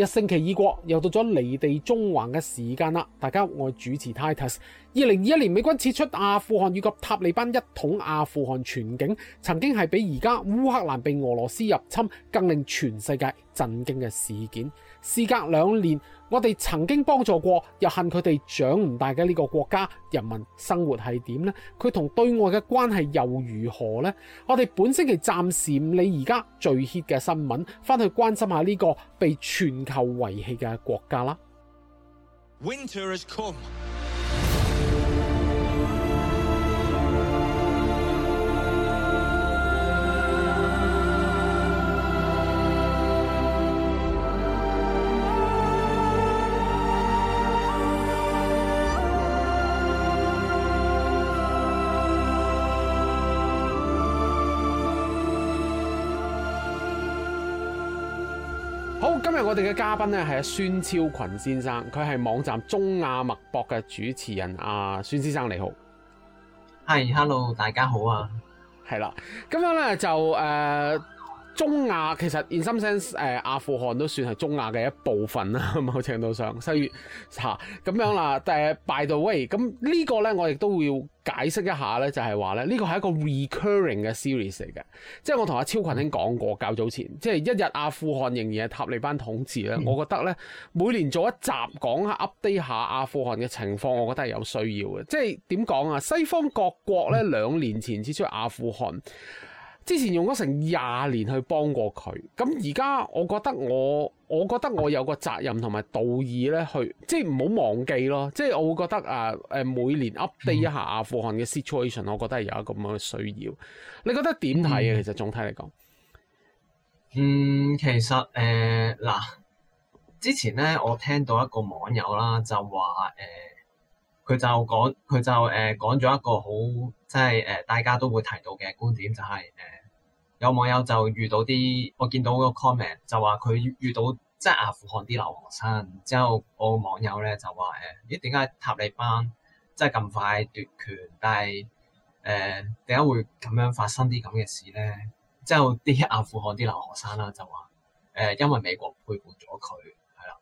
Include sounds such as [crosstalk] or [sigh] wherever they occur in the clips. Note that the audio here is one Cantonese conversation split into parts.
一星期已過，又到咗離地中環嘅時間啦！大家好，我係主持 Titus。二零二一年美軍撤出阿富汗，以及塔利班一統阿富汗全境，曾經係比而家烏克蘭被俄羅斯入侵更令全世界。震驚嘅事件，事隔兩年，我哋曾經幫助過又恨佢哋長唔大嘅呢個國家人民生活係點呢？佢同對外嘅關係又如何呢？我哋本星期暫時唔理而家最 hit 嘅新聞，翻去關心下呢個被全球遺棄嘅國家啦。Winter is come. 我哋嘅嘉賓咧係阿孫超群先生，佢係網站中亞脈搏嘅主持人。阿、啊、孫先生你好，係，hello，大家好啊，係啦，咁樣咧就誒。呃中亞其實，in some sense，誒、呃、阿富汗都算係中亞嘅一部分啦，某程度上，西亞嚇咁樣啦。誒 [laughs] ，by the way，咁呢個呢，我亦都要解釋一下呢就係話咧，呢、這個係一個 recurring 嘅 series 嚟嘅。即係我同阿超羣兄講過較早前，即係一日阿富汗仍然係塔利班統治咧。嗯、我覺得呢，每年做一集講 update 下，下阿富汗嘅情況，我覺得係有需要嘅。即係點講啊？西方各國呢，兩年前撤出阿富汗。嗯之前用咗成廿年去幫過佢，咁而家我覺得我，我覺得我有個責任同埋道義咧，去即係唔好忘記咯。即係我會覺得啊，誒每年 update 一下阿富汗嘅 situation、嗯、我覺得係有一個咁樣嘅需要。你覺得點睇啊？嗯、其實總體嚟講，嗯，其實誒嗱，之前咧我聽到一個網友啦、呃，就話誒，佢就講佢就誒講咗一個好即係誒大家都會提到嘅觀點，就係、是、誒。有網友就遇到啲，我見到個 comment 就話佢遇到即係、就是、阿富汗啲留學生，之後我網友咧就話誒，咦點解塔利班即係咁快奪權？但係誒點解會咁樣發生啲咁嘅事咧？之後啲阿富汗啲留學生啦就話誒、呃，因為美國背叛咗佢，係啦。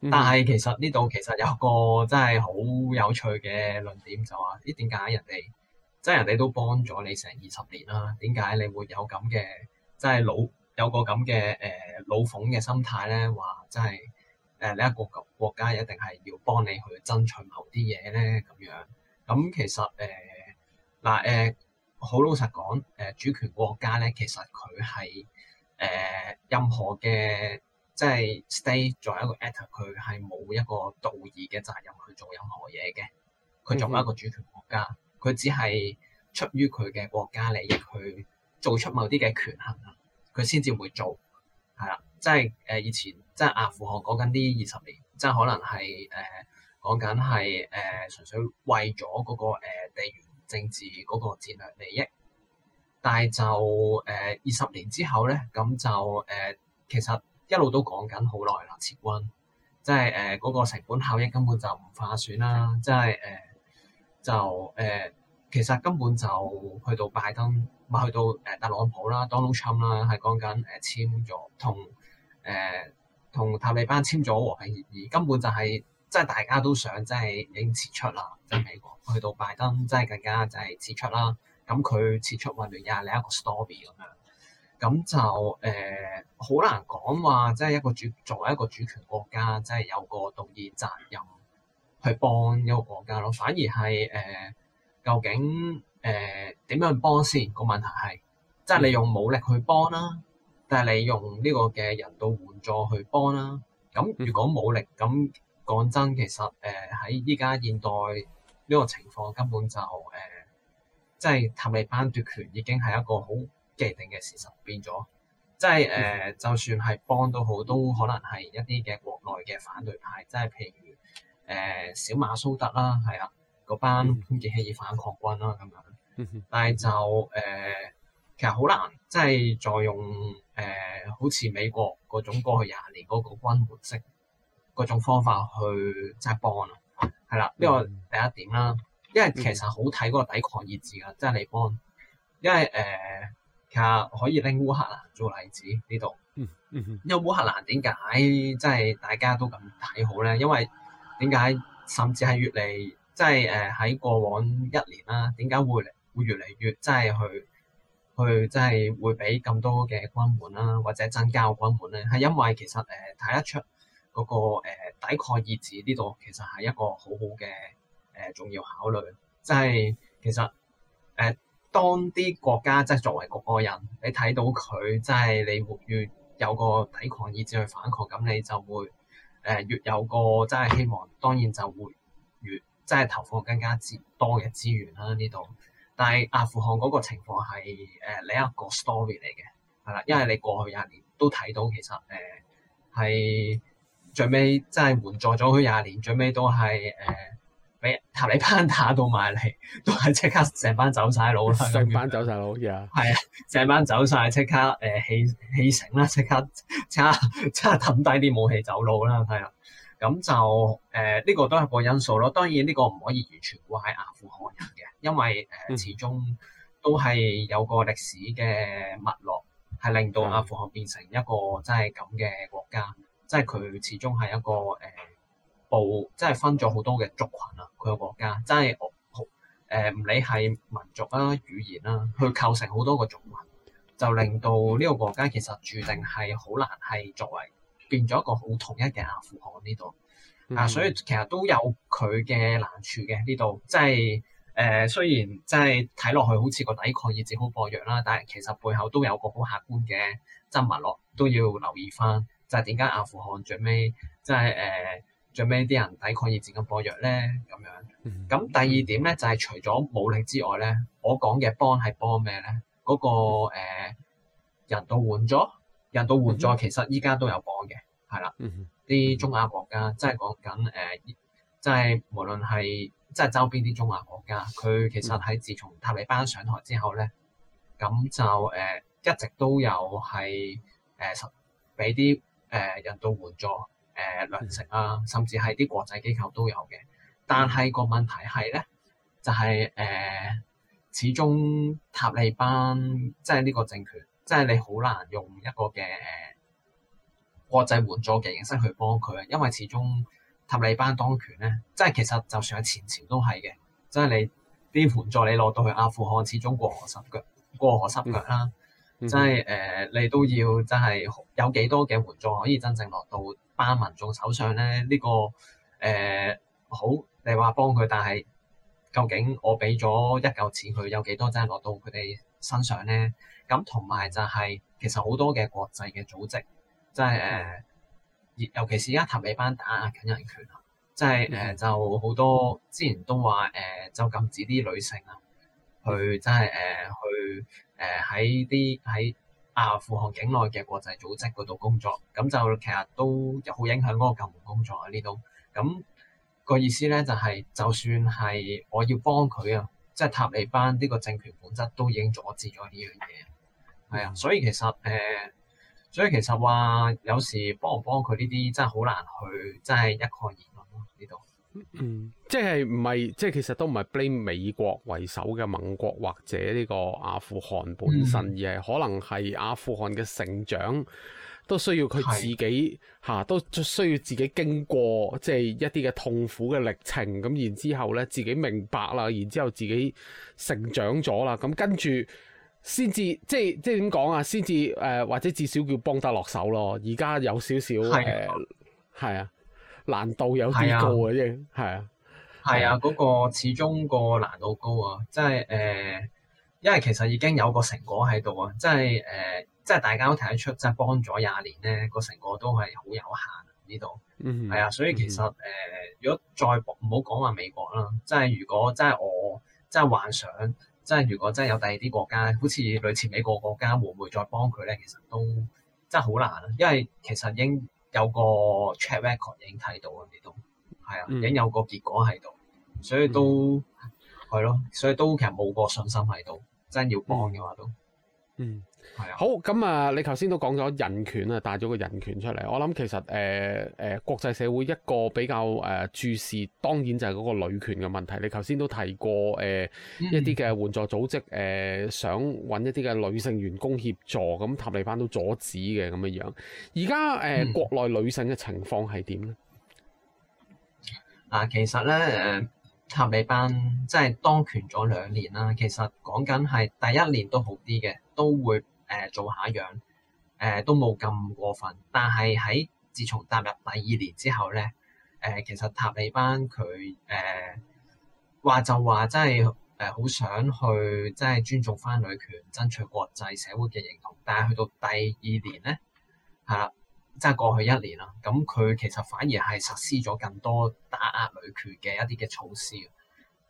嗯、但係其實呢度其實有個真係好有趣嘅論點，就話咦點解人哋？即係人哋都幫咗你成二十年啦。點解你會有咁嘅即係老有個咁嘅誒老諷嘅心態咧？話即係誒呢一個國家一定係要幫你去爭取某啲嘢咧咁樣咁、嗯。其實誒嗱誒，好、呃呃呃、老實講誒、呃，主權國家咧，其實佢係誒任何嘅即係 s t a y e 作為一個 a t 佢係冇一個道義嘅責任去做任何嘢嘅。佢作為一個主權國家。佢只係出於佢嘅國家利益去做出某啲嘅權衡啊，佢先至會做係啦。即係誒以前即係阿富汗講緊呢二十年，即係可能係誒講緊係誒純粹為咗嗰、嗰個、呃、地緣政治嗰個戰略利益，但係就誒二十年之後咧，咁就誒、呃、其實一路都講緊好耐啦，撤軍即係誒嗰個成本效益根本就唔划算啦，即係誒。呃就誒、呃、其實根本就去到拜登，唔係去到誒特朗普啦，Donald Trump 啦，係講緊誒簽咗同誒同塔利班簽咗和平協議，根本就係、是、即係大家都想即係已經撤出啦，即係美國去到拜登，即係更加就係撤出啦。咁佢撤出混亂也係另一個 story 咁樣，咁就誒好難講話，即係一個主作為一個主權國家，即係有個道義責任。去幫一個國家咯，反而係誒、呃、究竟誒點、呃、樣去幫先？個問題係，即係你用武力去幫啦，但係你用呢個嘅人道援助去幫啦。咁、嗯、如果武力咁講真，其實誒喺依家現代呢個情況根本就誒、呃、即係塔利班奪權已經係一個好既定嘅事實，變咗即係誒、呃，就算係幫到好，都可能係一啲嘅國內嘅反對派，即係譬如，誒、呃、小馬蘇德啦，係啊，嗰班潘傑希爾反抗軍啦，咁樣，但係就誒、呃，其實好難，即係再用誒、呃，好似美國嗰種過去廿年嗰個軍援式嗰種方法去砸磅啦，係啦，呢個第一點啦，因為其實好睇嗰個抵抗意志㗎，即係你幫，因為誒、呃，其實可以拎烏克蘭做例子呢度，嗯、因為烏克蘭點解即係大家都咁睇好咧？因為點解甚至係越嚟即係誒喺過往一年啦、啊？點解會會越嚟越即係去去即係會俾咁多嘅關門啦、啊，或者增加個關門咧？係因為其實誒睇、呃、得出嗰、那個、呃、抵抗意志呢度其實係一個好好嘅誒重要考慮，即、就、係、是、其實誒、呃、當啲國家即係、就是、作為個個人，你睇到佢即係你活躍，有個抵抗意志去反抗，咁你就會。誒越有個真係希望，當然就會越即係投放更加之多嘅資源啦呢度。但係阿富汗嗰個情況係誒另一個 story 嚟嘅，係啦，因為你過去廿年都睇到其實誒係、呃、最尾即係援助咗佢廿年，最尾都係誒。呃俾塔利班打到埋嚟，都係即的刻成班走晒佬啦 Yeah.。成班走曬佬，而家係啊，成班走晒，即刻誒起起醒啦，即刻即刻即刻抌低啲武器走佬啦，係啊。咁就誒呢、呃這個都係個因素咯。當然呢個唔可以完全話係阿富汗人嘅，因為誒、呃、始終都係有個歷史嘅脈絡，係令到阿富汗變成一個真係咁嘅國家，的即係佢始終係一個誒。呃部即係分咗好多嘅族群啊，佢個國家真係好誒，唔、呃、理係民族啊、語言啦、啊，去構成好多個族群，就令到呢個國家其實注定係好難係作為變咗一個好統一嘅阿富汗呢度、嗯、啊。所以其實都有佢嘅難處嘅呢度，即係誒。雖然即係睇落去好似個抵抗意志好薄弱啦，但係其實背後都有個好客觀嘅執物落，都要留意返就係點解阿富汗最尾即係誒。最尾啲人抵抗意志咁薄弱咧，咁樣咁第二點咧就係、是、除咗武力之外咧，我講嘅幫係幫咩咧？嗰、那個人道援助，人道援助其實依家都有幫嘅，係啦， [laughs] 啲中亞國家即係講緊誒，即係無論係即係周邊啲中亞國家，佢、呃、其實喺自從塔利班上台之後咧，咁就誒、呃、一直都有係誒俾啲誒人道援助。誒糧食啊，甚至係啲國際機構都有嘅。但係個問題係咧，就係、是、誒、呃，始終塔利班即係呢個政權，即係你好難用一個嘅國際援助嘅形式去幫佢，因為始終塔利班當權咧，即係其實就算係前朝都係嘅，即係你啲援助你落到去阿富汗，始終過河濕腳，過河濕腳啦。嗯嗯、即係誒、呃，你都要真係有幾多嘅援助可以真正落到巴民眾手上咧，呢、這個誒、呃、好，你話幫佢，但係究竟我俾咗一嚿錢佢，有幾多真係落到佢哋身上咧？咁同埋就係、是、其實好多嘅國際嘅組織，即係誒，尤其是而家塔利班打壓緊人權啊，即係誒就好、是呃、多之前都話誒、呃、就禁止啲女性啊，去即係誒去誒喺啲喺，呃阿富汗境內嘅國際組織嗰度工作，咁就其實都好影響嗰個救援工作啊！呢度咁個意思咧，就係、是、就算係我要幫佢啊，即係塔利班呢個政權本質都已經阻止咗呢樣嘢，係啊、嗯，所以其實誒、呃，所以其實話有時幫唔幫佢呢啲真係好難去，真係一概而。嗯，即係唔係，即係其實都唔係 blame 美國為首嘅盟國或者呢個阿富汗本身，嗯、而係可能係阿富汗嘅成長都需要佢自己吓的、啊，都需要自己經過即係一啲嘅痛苦嘅歷程，咁然之後咧自己明白啦，然之後自己成長咗啦，咁跟住先至即係即係點講啊？先至誒或者至少叫幫得落手咯。而家有少少誒，係、呃、啊。的難度有啲高嘅，即係係啊，係啊，嗰、啊啊、個始終個難度高啊，即係誒，因為其實已經有個成果喺度啊，即係誒，即、呃、係、即係、大家都睇得出，即係幫咗廿年咧，個成果都係好有限呢、啊、度，係、嗯嗯、啊，所以其實誒、呃，如果再唔好講話美國啦，即係如果真係我即係幻想，即係如果真係有第二啲國家，好似類似美國國家，會唔會再幫佢咧？其實都真係好難啊，因為其實已有個 check record 已經睇到啊，你都係啊，已經有個結果喺度，所以都係咯、嗯，所以都其實冇個信心喺度，真係要幫嘅話都嗯。嗯。係啊，好咁啊！你頭先都講咗人權啊，帶咗個人權出嚟。我諗其實誒誒、呃呃，國際社會一個比較誒注視，當然就係嗰個女權嘅問題。你頭先都提過誒、呃，一啲嘅援助組織誒、呃，想搵一啲嘅女性員工協助，咁塔利班都阻止嘅咁嘅樣。而家誒，國內女性嘅情況係點咧？嗱、呃，其實咧誒，塔利班即係當權咗兩年啦。其實講緊係第一年都好啲嘅，都會。誒、呃、做下樣、呃，都冇咁過分。但係喺自從踏入第二年之後咧，誒、呃、其實塔利班佢誒話就話真係誒好想去，真係尊重翻女權，爭取國際社會嘅認同。但係去到第二年咧，係啦、啊，即係過去一年啦，咁佢其實反而係實施咗更多打壓女權嘅一啲嘅措施，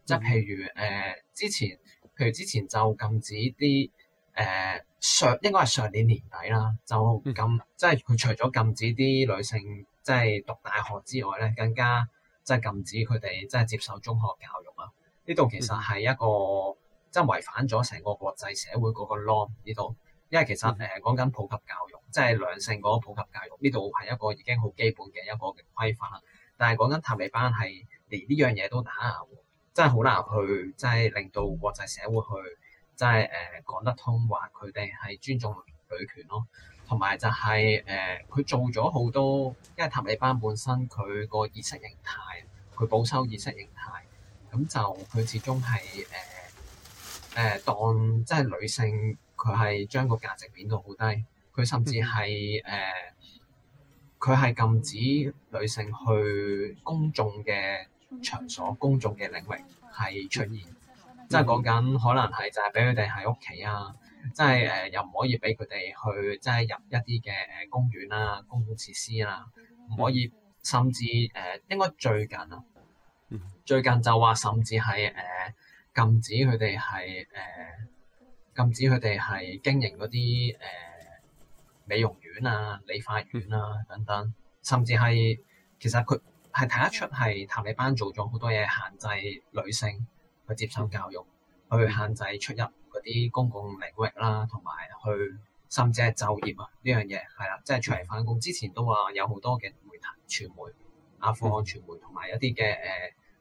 即係譬如誒、呃、之前，譬如之前就禁止啲。誒上、呃、應該係上年年底啦，就禁、嗯、即係佢除咗禁止啲女性即係讀大學之外咧，更加即係禁止佢哋即係接受中學教育啦、啊。呢度其實係一個即係違反咗成個國際社會嗰個 law 呢度，因為其實誒講緊普及教育，即係兩性嗰普及教育呢度係一個已經好基本嘅一個規範啦。但係講緊塔利班係連呢樣嘢都打壓，真係好難去即係令到國際社會去。即係誒講得通，話佢哋係尊重女權咯，同埋就係誒佢做咗好多，因為塔利班本身佢個意識形態，佢保守意識形態，咁就佢始終係誒誒當即係女性，佢係將個價值變到好低，佢甚至係誒佢係禁止女性去公眾嘅場所、公眾嘅領域係出現。即係講緊，可能係就係畀佢哋喺屋企啊！即係誒，又唔可以畀佢哋去，即係入一啲嘅誒公園啊、公共設施啦，唔可以甚至誒、呃，應該最近啊，最近就話甚至係誒、呃、禁止佢哋係誒禁止佢哋係經營嗰啲誒美容院啊、理髮院啊等等，甚至係其實佢係睇得出係塔利班做咗好多嘢限制女性。去接受教育，去限制出入嗰啲公共領域啦，同埋去甚至係就業啊，呢樣嘢係啦，即係出嚟翻工之前都話有好多嘅媒體、傳媒、阿富汗傳媒同埋一啲嘅誒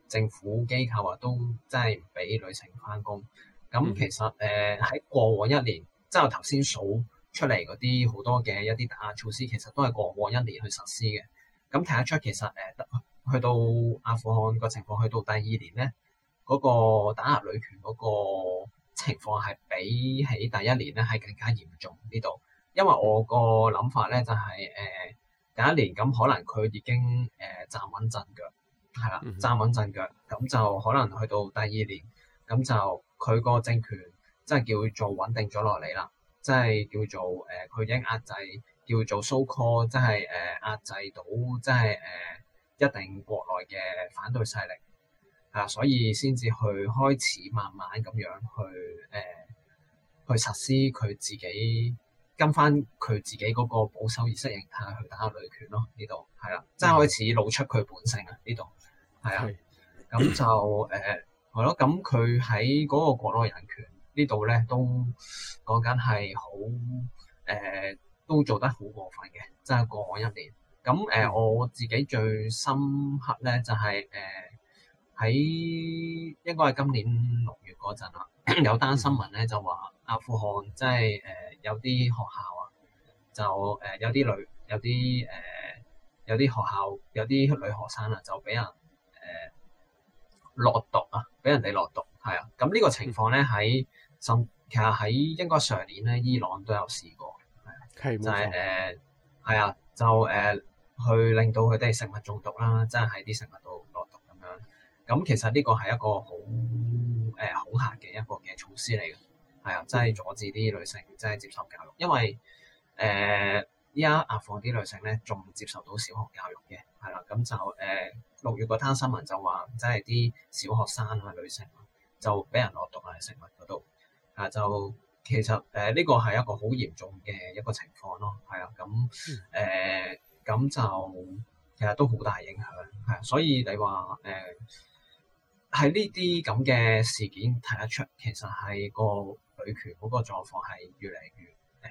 政府機構啊，都真係唔俾旅程翻工。咁其實誒喺、呃、過往一年，即係我頭先數出嚟嗰啲好多嘅一啲打壓措施，其實都係過往一年去實施嘅。咁睇得出其實誒、呃、去到阿富汗個情況，去到第二年咧。嗰個打壓女權嗰個情況係比起第一年咧係更加嚴重呢度，因為我個諗法咧就係、是、誒、呃、第一年咁可能佢已經誒站穩陣腳，係、呃、啦，站穩陣腳咁就可能去到第二年咁就佢個政權即係叫做穩定咗落嚟啦，即係叫做誒佢、呃、已經壓制叫做 so call，即係誒壓制到即係誒、呃、一定國內嘅反對勢力。啊，所以先至去開始，慢慢咁樣去誒、呃、去實施佢自己跟翻佢自己嗰個保守意識形態去打女權咯。呢度係啦，即係開始露出佢本性啊。呢度係啊，咁的就誒係咯。咁佢喺嗰個國內人權呢度咧，都講緊係好誒，都做得好過分嘅。即係過咗一年咁誒、呃，我自己最深刻咧就係、是、誒。呃喺應該係今年六月嗰陣啊，有單新聞咧就話阿富汗即係誒有啲學校啊，就誒、呃、有啲女有啲誒、呃、有啲學校有啲女學生啊，就俾人誒、呃、落毒啊，俾人哋落毒係啊。咁呢個情況咧喺甚其實喺應該上年咧，伊朗都有試過係、啊、就係誒係啊，就誒去令到佢哋食物中毒啦，即係喺啲食物度。咁其實呢個係一個好誒狠嘅一個嘅措施嚟嘅，係啊，真係阻止啲女性真係接受教育，因為誒依家阿富汗啲女性咧仲接受到小學教育嘅，係啦，咁就誒、呃、六月嗰單新聞就話，真係啲小學生啊，女性就俾人落毒喺食物嗰度啊，就其實誒呢、呃這個係一個好嚴重嘅一個情況咯，係啊，咁誒咁就其實都好大影響係，所以你話誒。呃喺呢啲咁嘅事件睇得出，其實係個女權嗰個狀況係越嚟越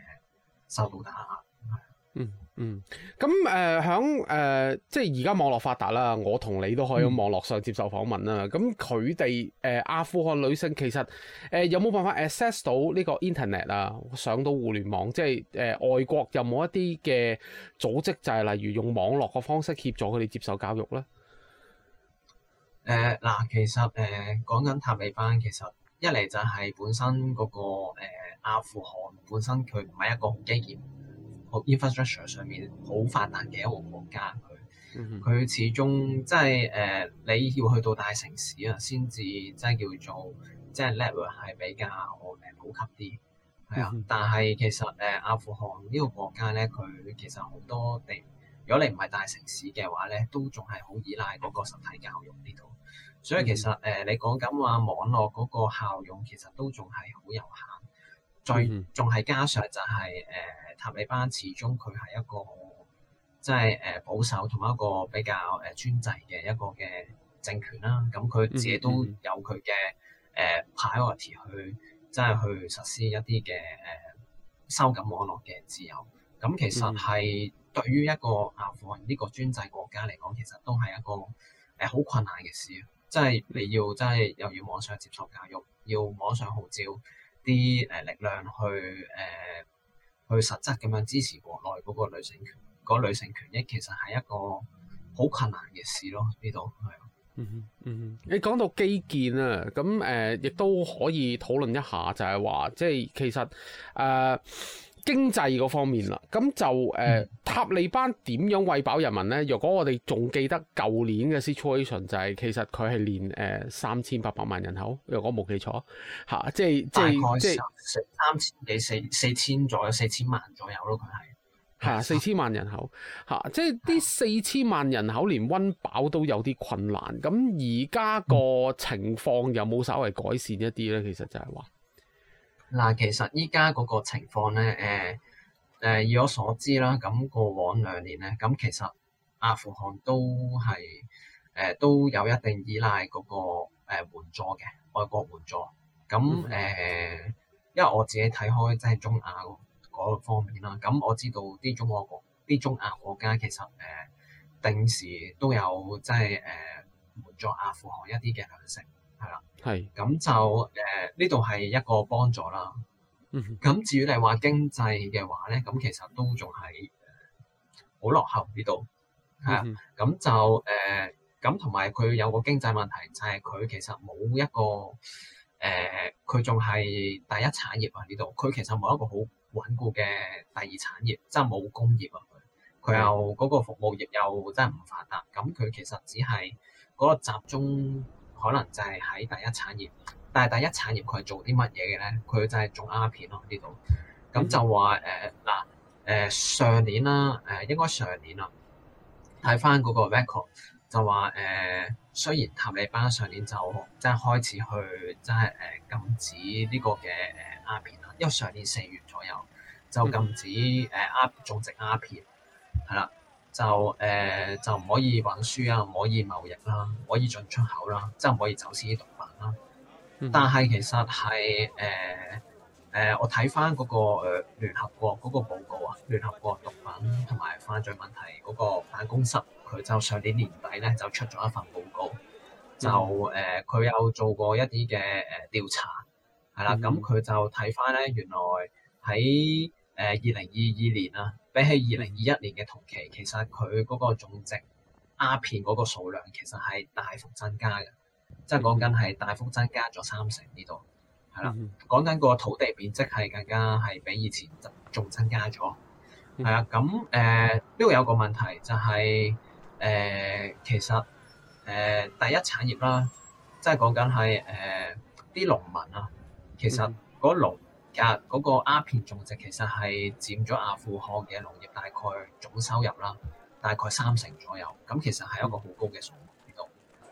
誒受到打壓、嗯。嗯嗯，咁誒響誒即係而家網絡發達啦，我同你都可以喺網絡上接受訪問啦。咁佢哋誒阿富汗女性其實誒、呃、有冇辦法 access 到呢個 internet 啊？上到互聯網，即係誒、呃、外國有冇一啲嘅組織，就係例如用網絡嘅方式協助佢哋接受教育咧？誒嗱、呃，其實誒講緊塔利班，其實一嚟就係本身嗰、那個、呃、阿富汗本身佢唔係一個好基建、好 infrastructure 上面好發達嘅一個國家，佢佢、嗯、哼始終即係誒、呃、你要去到大城市啊，先至即係叫做即係 level 係比較誒普及啲，係啊。但係其實誒、呃、阿富汗呢個國家咧，佢其實好多地。如果你唔係大城市嘅話咧，都仲係好依賴嗰個實體教育呢度，所以其實誒、嗯呃，你講緊話網絡嗰個效用，其實都仲係好有限。最仲係加上就係、是、誒、呃，塔利班始終佢係一個即係誒保守同一個比較誒專制嘅一個嘅政權啦。咁佢自己都有佢嘅誒 priority 去，即、就、係、是、去實施一啲嘅誒收緊網絡嘅自由。咁其實係。嗯嗯對於一個阿富汗呢、這個專制國家嚟講，其實都係一個誒好困難嘅事，即係你要真係又要網上接受教育，要網上號召啲誒力量去誒、呃、去實質咁樣支持國內嗰個女性權，嗰女性權益其實係一個好困難嘅事咯。呢度係嗯嗯，你講到基建啊，咁誒、呃、亦都可以討論一下就，就係話即係其實誒。呃經濟嗰方面啦，咁就誒、呃、塔利班點樣餵飽人民呢？若果我哋仲記得舊年嘅 situation 就係、是，其實佢係連誒三千八百萬人口，若果冇記錯嚇、啊，即係大概即係三千幾四四千左右，四千萬左右咯，係係啊，四千萬人口嚇，啊、的即係啲四千萬人口連溫飽都有啲困難。咁而家個情況有冇稍微改善一啲呢？其實就係話。嗱，其實依家嗰個情況咧，誒、呃、誒、呃，以我所知啦，咁過往兩年咧，咁其實阿富汗都係誒、呃、都有一定依賴嗰、那個援助嘅外國援助。咁誒、呃，因為我自己睇開即係中亞嗰個方面啦。咁我知道啲中亞國啲中亞國家其實誒、呃，定時都有即係誒援助阿富汗一啲嘅糧食。係啦，係咁就誒呢度係一個幫助啦。咁、嗯、哼至於你話經濟嘅話咧，咁其實都仲係好落後呢度。係啊，咁、嗯、哼就誒咁同埋佢有個經濟問題就係、是、佢其實冇一個誒，佢仲係第一產業啊。呢度佢其實冇一個好穩固嘅第二產業，即係冇工業啊。佢佢又嗰、嗯、哼個服務業又真係唔發達，咁佢其實只係嗰個集中。可能就係喺第一產業，但係第一產業佢係做啲乜嘢嘅咧？佢就係種鴉片咯，呢度。咁就話誒嗱誒上年啦誒、呃，應該上年啦，睇翻嗰個 record 就話誒、呃，雖然塔利班上年就即係開始去即係誒禁止呢個嘅誒鴉片啦，因為上年四月左右就禁止誒鴉種植鴉片，係啦、嗯。就誒、呃、就唔可以運輸啊，唔可以貿易啦、啊，唔可以進出口啦、啊，即係唔可以走私啲毒品啦、啊。但係其實係誒誒，我睇翻嗰個誒聯合國嗰個報告啊，聯合國毒品同埋犯罪問題嗰個辦公室，佢就上年年底咧就出咗一份報告，就誒佢、呃、有做過一啲嘅誒調查，係啦，咁佢就睇翻咧，原來喺誒二零二二年啊，比起二零二一年嘅同期，其實佢嗰個種植鴉片嗰個數量其實係大幅增加嘅，即係講緊係大幅增加咗三成呢度，係啦。講緊個土地面積係更加係比以前仲增加咗，係啊。咁誒呢度有個問題就係、是、誒、呃、其實誒、呃、第一產業啦，即係講緊係誒啲農民啊，其實嗰農其實嗰個鴉片種植其實係佔咗阿富汗嘅農業大概總收入啦，大概三成左右。咁其實係一個好高嘅數目。呢度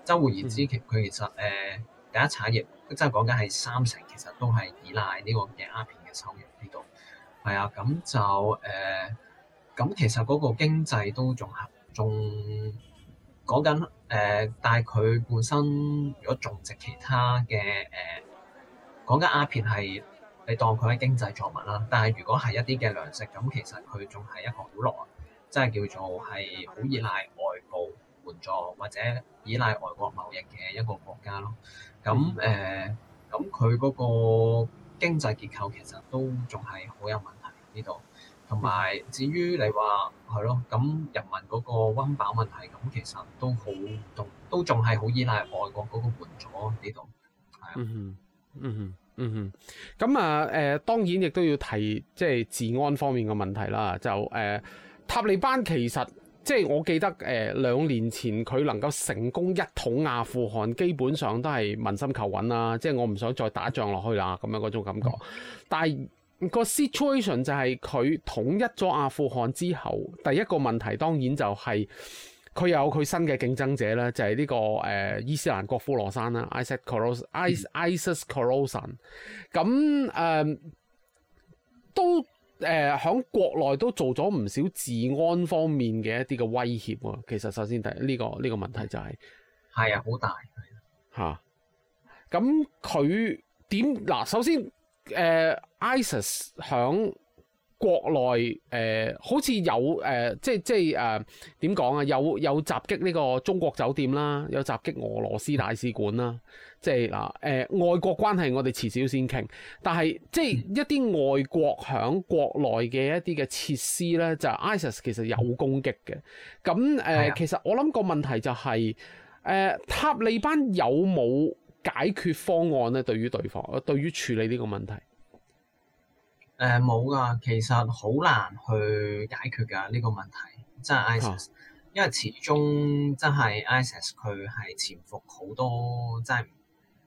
周回而言之，其佢其實誒、呃、第一產業，即係講緊係三成，其實都係依賴呢個嘅鴉片嘅收入呢度係啊，咁就誒，咁、呃、其實嗰個經濟都仲係仲講緊誒，但係佢本身如果種植其他嘅誒，講緊鴉片係。你當佢係經濟作物啦，但係如果係一啲嘅糧食，咁其實佢仲係一個好耐，即係叫做係好依賴外部援助或者依賴外國貿易嘅一個國家咯。咁誒，咁佢嗰個經濟結構其實都仲係好有問題呢度。同埋至於你話係咯，咁人民嗰個温飽問題，咁其實都好都仲係好依賴外國嗰個援助呢度。係啊，嗯。嗯嗯。嗯哼，咁啊，誒、呃、當然亦都要提即係治安方面嘅問題啦。就誒、呃、塔利班其實即係我記得誒、呃、兩年前佢能夠成功一統阿富汗，基本上都係民心求穩啦。即係我唔想再打仗落去啦咁樣嗰種感覺。嗯、但係個 situation 就係、是、佢統一咗阿富汗之後，第一個問題當然就係、是。佢有佢新嘅競爭者咧，就係、是、呢、這個誒、呃、伊斯蘭國夫羅山啦 i s i、嗯、s c o r o s a n 咁誒都誒喺、呃、國內都做咗唔少治安方面嘅一啲嘅威脅喎。其實首先第一呢個呢、這個問題就係、是，係啊，好大嚇。咁佢點嗱？首先誒、呃、ISIS 響國內誒、呃、好似有誒、呃、即係即係誒點講啊？有有襲擊呢個中國酒店啦，有襲擊俄羅斯大使館啦。即係嗱誒，外國關係我哋遲少先傾。但係即係一啲外國響國內嘅一啲嘅設施咧，就 ISIS、係、IS 其實有攻擊嘅。咁誒、呃，其實我諗個問題就係、係、誒、呃、塔利班有冇解決方案咧？對於對方，對於處理呢個問題。誒冇㗎，其實好難去解決㗎呢、這個問題，即係 ISIS、哦、因為始終真係 ISIS 佢係潛伏好多，即係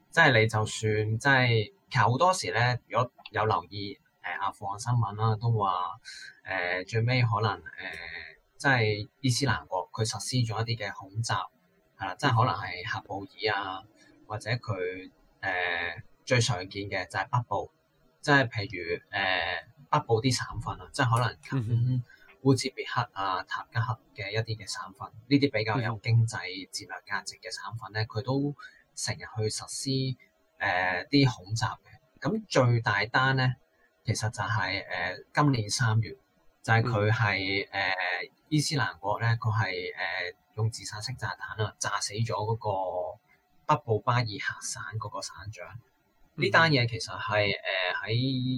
即係你就算即係其實好多時咧，如果有留意誒、呃、阿富汗新聞啦、啊，都話誒、呃、最尾可能誒即係伊斯蘭國佢實施咗一啲嘅恐襲係啦，即係可能係喀布爾啊，或者佢誒、呃、最常見嘅就係北部。即係譬如誒、呃、北部啲省份啊，即係可能近烏茲別克啊、塔吉克嘅一啲嘅省份，呢啲比較有經濟戰略價值嘅省份咧，佢、mm hmm. 都成日去實施誒啲恐襲嘅。咁、呃、最大單咧，其實就係、是、誒、呃、今年三月，就係佢係誒伊斯蘭國咧，佢係誒用自殺式炸彈啊炸死咗嗰個北部巴爾赫省嗰個省長。呢單嘢其實係誒喺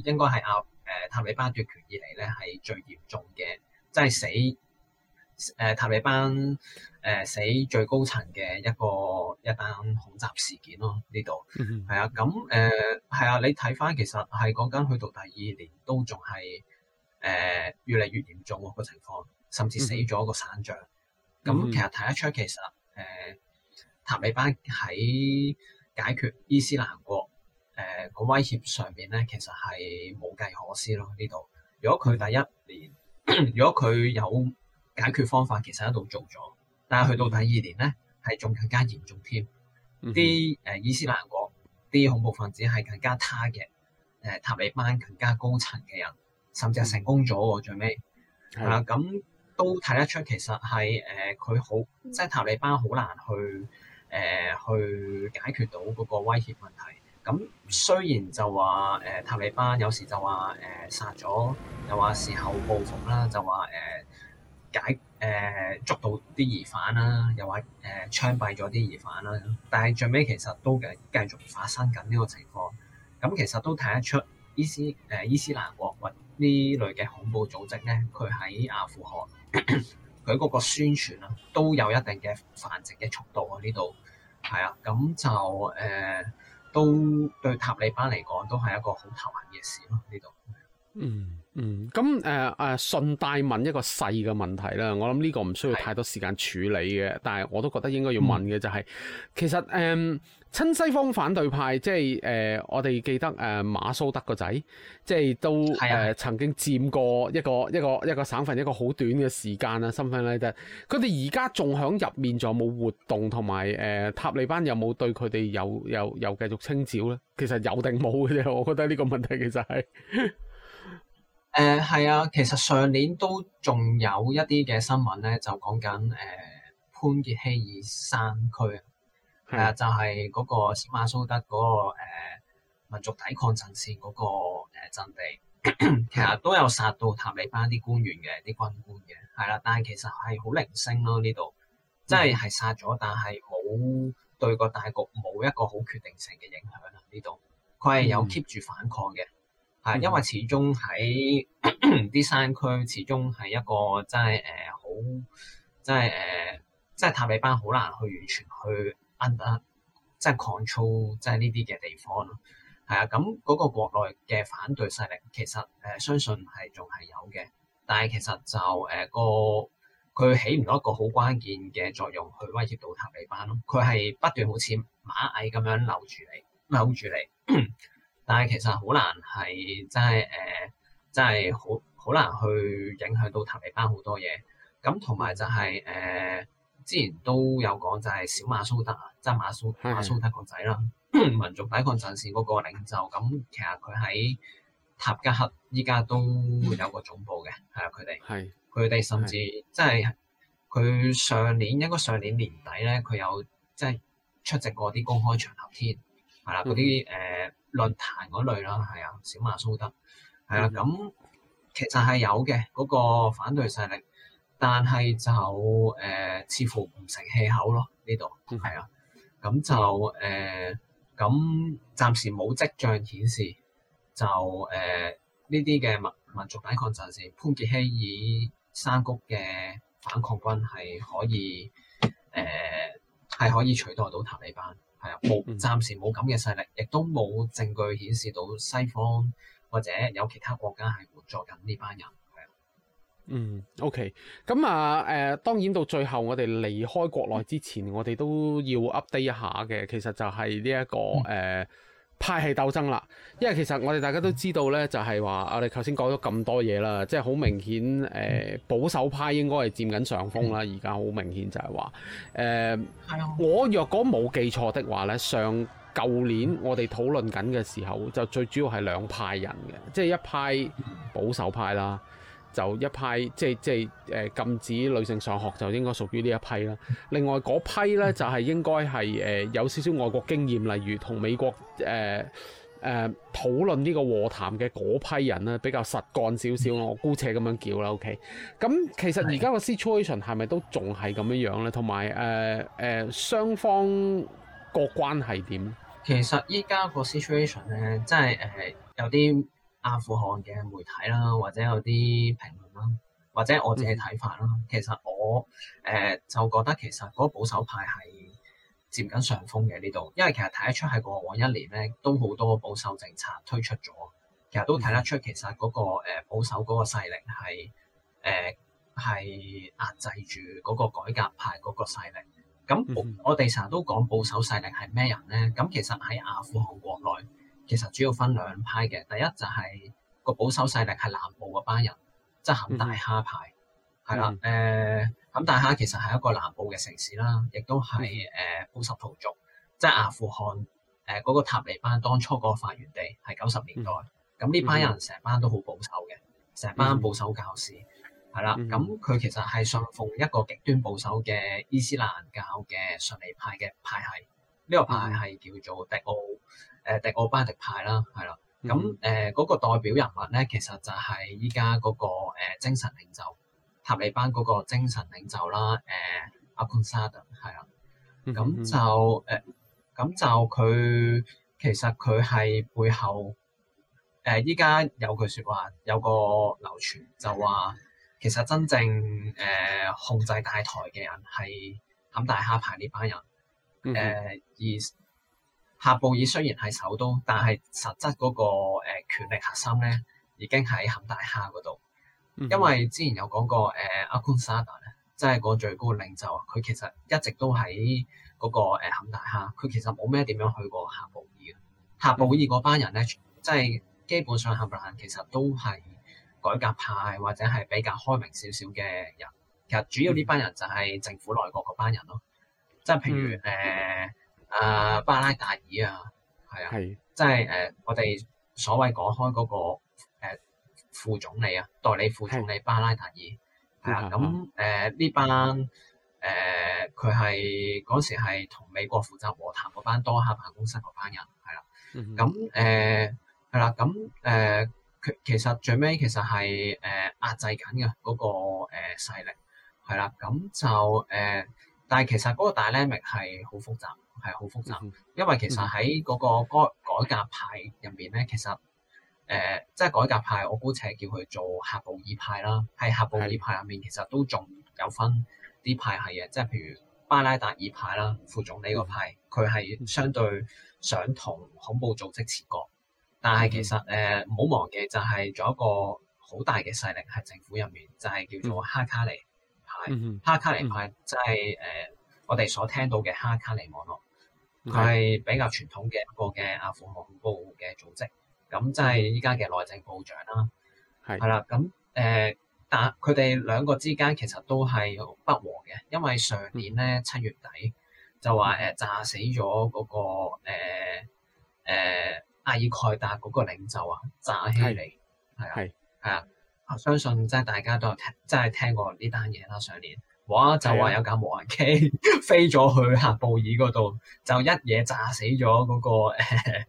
應該係亞誒塔利班奪權以嚟咧係最嚴重嘅，即係死誒、呃、塔利班誒、呃、死最高層嘅一個一單恐襲事件咯。呢度係啊，咁誒係啊，你睇翻其實係講緊去到第二年都仲係誒越嚟越嚴重、這個情況，甚至死咗一個省長。咁其實睇得出其實誒、呃、塔利班喺解決伊斯蘭國。誒、呃嗰個威脅上面咧，其實係冇計可施咯。呢度如果佢第一年， [coughs] 如果佢有解決方法，其實喺度做咗，但係去到第二年咧係仲更加嚴重添。啲誒伊斯蘭國啲恐怖分子係更加 target 嘅誒塔利班更加高層嘅人，甚至係成功咗喎。嗯、最尾係啦，咁、嗯嗯、都睇得出其實係誒佢好即係塔利班好難去誒、呃、去解決到嗰個威脅問題。咁雖然就話誒、呃、塔利班有時就話誒、呃、殺咗，又話事後報復啦，就話、是、誒解誒、呃、捉到啲疑犯啦，又話誒、呃、槍斃咗啲疑犯啦。但係最尾其實都繼續發生緊呢個情況。咁其實都睇得出伊斯誒、呃、伊斯蘭國或呢類嘅恐怖組織咧，佢喺阿富汗佢嗰個宣傳啊，都有一定嘅繁殖嘅速度啊。呢度係啊，咁就誒。呃都對塔利班嚟講都係一個好頭痕嘅事咯，呢度、嗯。嗯嗯，咁誒誒順帶問一個細嘅問題啦，我諗呢個唔需要太多時間處理嘅，的但係我都覺得應該要問嘅就係、是，嗯、其實誒。呃親西方反對派，即係誒、呃，我哋記得誒、呃、馬蘇德個仔，即係都誒、啊呃、曾經佔過一個一個一個省份，一個好短嘅時間啦。身份咧，佢哋而家仲響入面，仲有冇活動同埋誒塔利班有冇對佢哋有有有又繼續清剿咧？其實有定冇嘅啫。我覺得呢個問題其實係誒係啊。其實上年都仲有一啲嘅新聞咧，就講緊誒潘傑希爾山區。係啊，就係、是、嗰個斯馬蘇德嗰、那個、呃、民族抵抗陣線嗰、那個誒、呃、陣地， [coughs] 其實都有殺到塔利班啲官員嘅啲軍官嘅係啦。但係其實係好零星咯，呢度真係係殺咗，但係冇對個大局冇一個好決定性嘅影響啊。呢度佢係有 keep 住反抗嘅，係、嗯、因為始終喺啲 [coughs] 山區，始終係一個真係誒好真係誒、呃、真係、呃、塔利班好難去完全去。即係 control，即係呢啲嘅地方咯，係啊。咁、那、嗰個國內嘅反對勢力其實誒、呃，相信係仲係有嘅，但係其實就誒個佢起唔到一個好關鍵嘅作用去威脅到塔利班咯。佢係不斷好似螞蟻咁樣留住你，留住你， [coughs] 但係其實好難係真係誒、呃、真係好好難去影響到塔利班好多嘢。咁同埋就係、是、誒。呃之前都有講，就係小馬蘇德，即係馬蘇馬蘇德個仔啦，的 [laughs] 民族抵抗陣線嗰個領袖。咁其實佢喺塔吉克依家都有個總部嘅，係啊、嗯，佢哋係佢哋甚至的即係佢上年應該上年年底咧，佢有即係出席過啲公開場合添，係啦，嗰啲誒論壇嗰類啦，係啊，小馬蘇德係啦。咁其實係有嘅嗰、那個反對勢力。但係就誒、呃，似乎唔成氣口咯呢度，係、嗯、啊，咁就誒，咁、呃、暫時冇跡象顯示就誒呢啲嘅民民族抵抗陣線潘傑希爾山谷嘅反抗軍係可以誒係、呃、可以取代到塔利班，係啊，冇暫時冇咁嘅勢力，亦都冇證據顯示到西方或者有其他國家係援助緊呢班人。嗯，OK，咁啊，誒、呃，當然到最後我哋離開國內之前，嗯、我哋都要 update 一下嘅。其實就係呢一個誒、呃、派系鬥爭啦。因為其實我哋大家都知道咧，就係話我哋頭先講咗咁多嘢啦，即係好明顯誒、呃、保守派應該係佔緊上風啦。而家好明顯就係話誒，呃嗯、我若果冇記錯的話咧，上舊年我哋討論緊嘅時候，就最主要係兩派人嘅，即係一派保守派啦。就一派即係即係誒禁止女性上學，就應該屬於呢一批啦。另外嗰批咧就係、是、應該係誒有少少外國經驗，例如同美國誒誒討論呢個和談嘅嗰批人啦，比較實幹少少，嗯、我姑且咁樣叫啦，OK。咁其實而家個 situation 係咪都仲係咁樣樣咧？同埋誒誒雙方個關係、呃、點，其實依家個 situation 咧，真係誒有啲。阿富汗嘅媒體啦，或者有啲評論啦，或者我自己睇法啦，嗯、其實我誒就覺得其實嗰保守派係佔緊上風嘅呢度，因為其實睇得出係過往一年咧都好多保守政策推出咗，其實都睇得出其實嗰個保守嗰個勢力係誒係壓制住嗰個改革派嗰個勢力。咁我哋成日都講保守勢力係咩人咧？咁其實喺阿富汗國內。其實主要分兩派嘅，第一就係個保守勢力係南部嗰班人，即係坎大哈派，係啦，誒坎大哈其實係一個南部嘅城市啦，亦都係誒普什圖族，即係阿富汗誒嗰個塔利班當初個發源地係九十年代，咁呢班人成班都好保守嘅，成班保守教士，係啦，咁佢其實係信奉一個極端保守嘅伊斯蘭教嘅遜尼派嘅派系，呢個派係叫做迪奧。誒迪奧班迪派啦，係啦，咁誒嗰個代表人物咧，其實就係依家嗰個精神領袖，塔利班嗰個精神領袖啦，誒、呃、阿庫沙德，係啦，咁 [laughs] 就誒，咁、呃、就佢其實佢係背後誒依家有句説話，有個流傳就話，其實真正誒、呃、控制大台嘅人係坎大哈派呢班人，誒、 [laughs] 呃、而。喀布爾雖然係首都，但係實質嗰個誒權力核心咧，已經喺坎大哈嗰度。嗯、因為之前有講過誒、呃、阿庫納達咧，即係個最高領袖，佢其實一直都喺嗰個坎大哈。佢其實冇咩點樣去過喀、嗯、布爾。喀布爾嗰班人咧，即係基本上冚唪唥其實都係改革派或者係比較開明少少嘅人。其實主要呢班人就係政府內閣嗰班人咯，即係譬如誒。嗯啊，巴拉達爾啊，係啊，啊即係誒、呃，我哋所謂講開嗰個副總理啊，代理副總理巴拉達爾係啊。咁誒呢班誒佢係嗰時係同美國負責和談嗰班多哈辦公室嗰班人係啦。咁誒係啦，咁誒佢其實最尾其實係誒壓制緊嘅嗰個誒勢力係啦。咁就誒，但係其實嗰個 dynamic 係好複雜。係好複雜，因為其實喺嗰個改革派入面咧，其實誒、呃、即係改革派，我估係叫佢做喀布爾派啦。喺喀布爾派入面，其實都仲有分啲派系嘅，即係譬如巴拉達爾派啦，副總理個派，佢係相對想同恐怖組織切割，但係其實誒唔好忘記就係仲有一個好大嘅勢力係政府入面，就係、是、叫做哈卡尼派。哈卡尼派即係誒我哋所聽到嘅哈卡尼網絡。佢係比較傳統嘅一個嘅阿富汗部嘅組織，咁即係依家嘅內政部長啦，係啦是，咁誒、呃，但佢哋兩個之間其實都係不和嘅，因為上年咧，七月底就話誒炸死咗嗰、那個誒、呃呃、阿爾蓋達嗰個領袖啊，扎希里。係啊係啊，相信即係大家都係即係聽過呢單嘢啦上年。哇！就話有架無人機飛咗去哈布爾嗰度，就一嘢炸死咗嗰個誒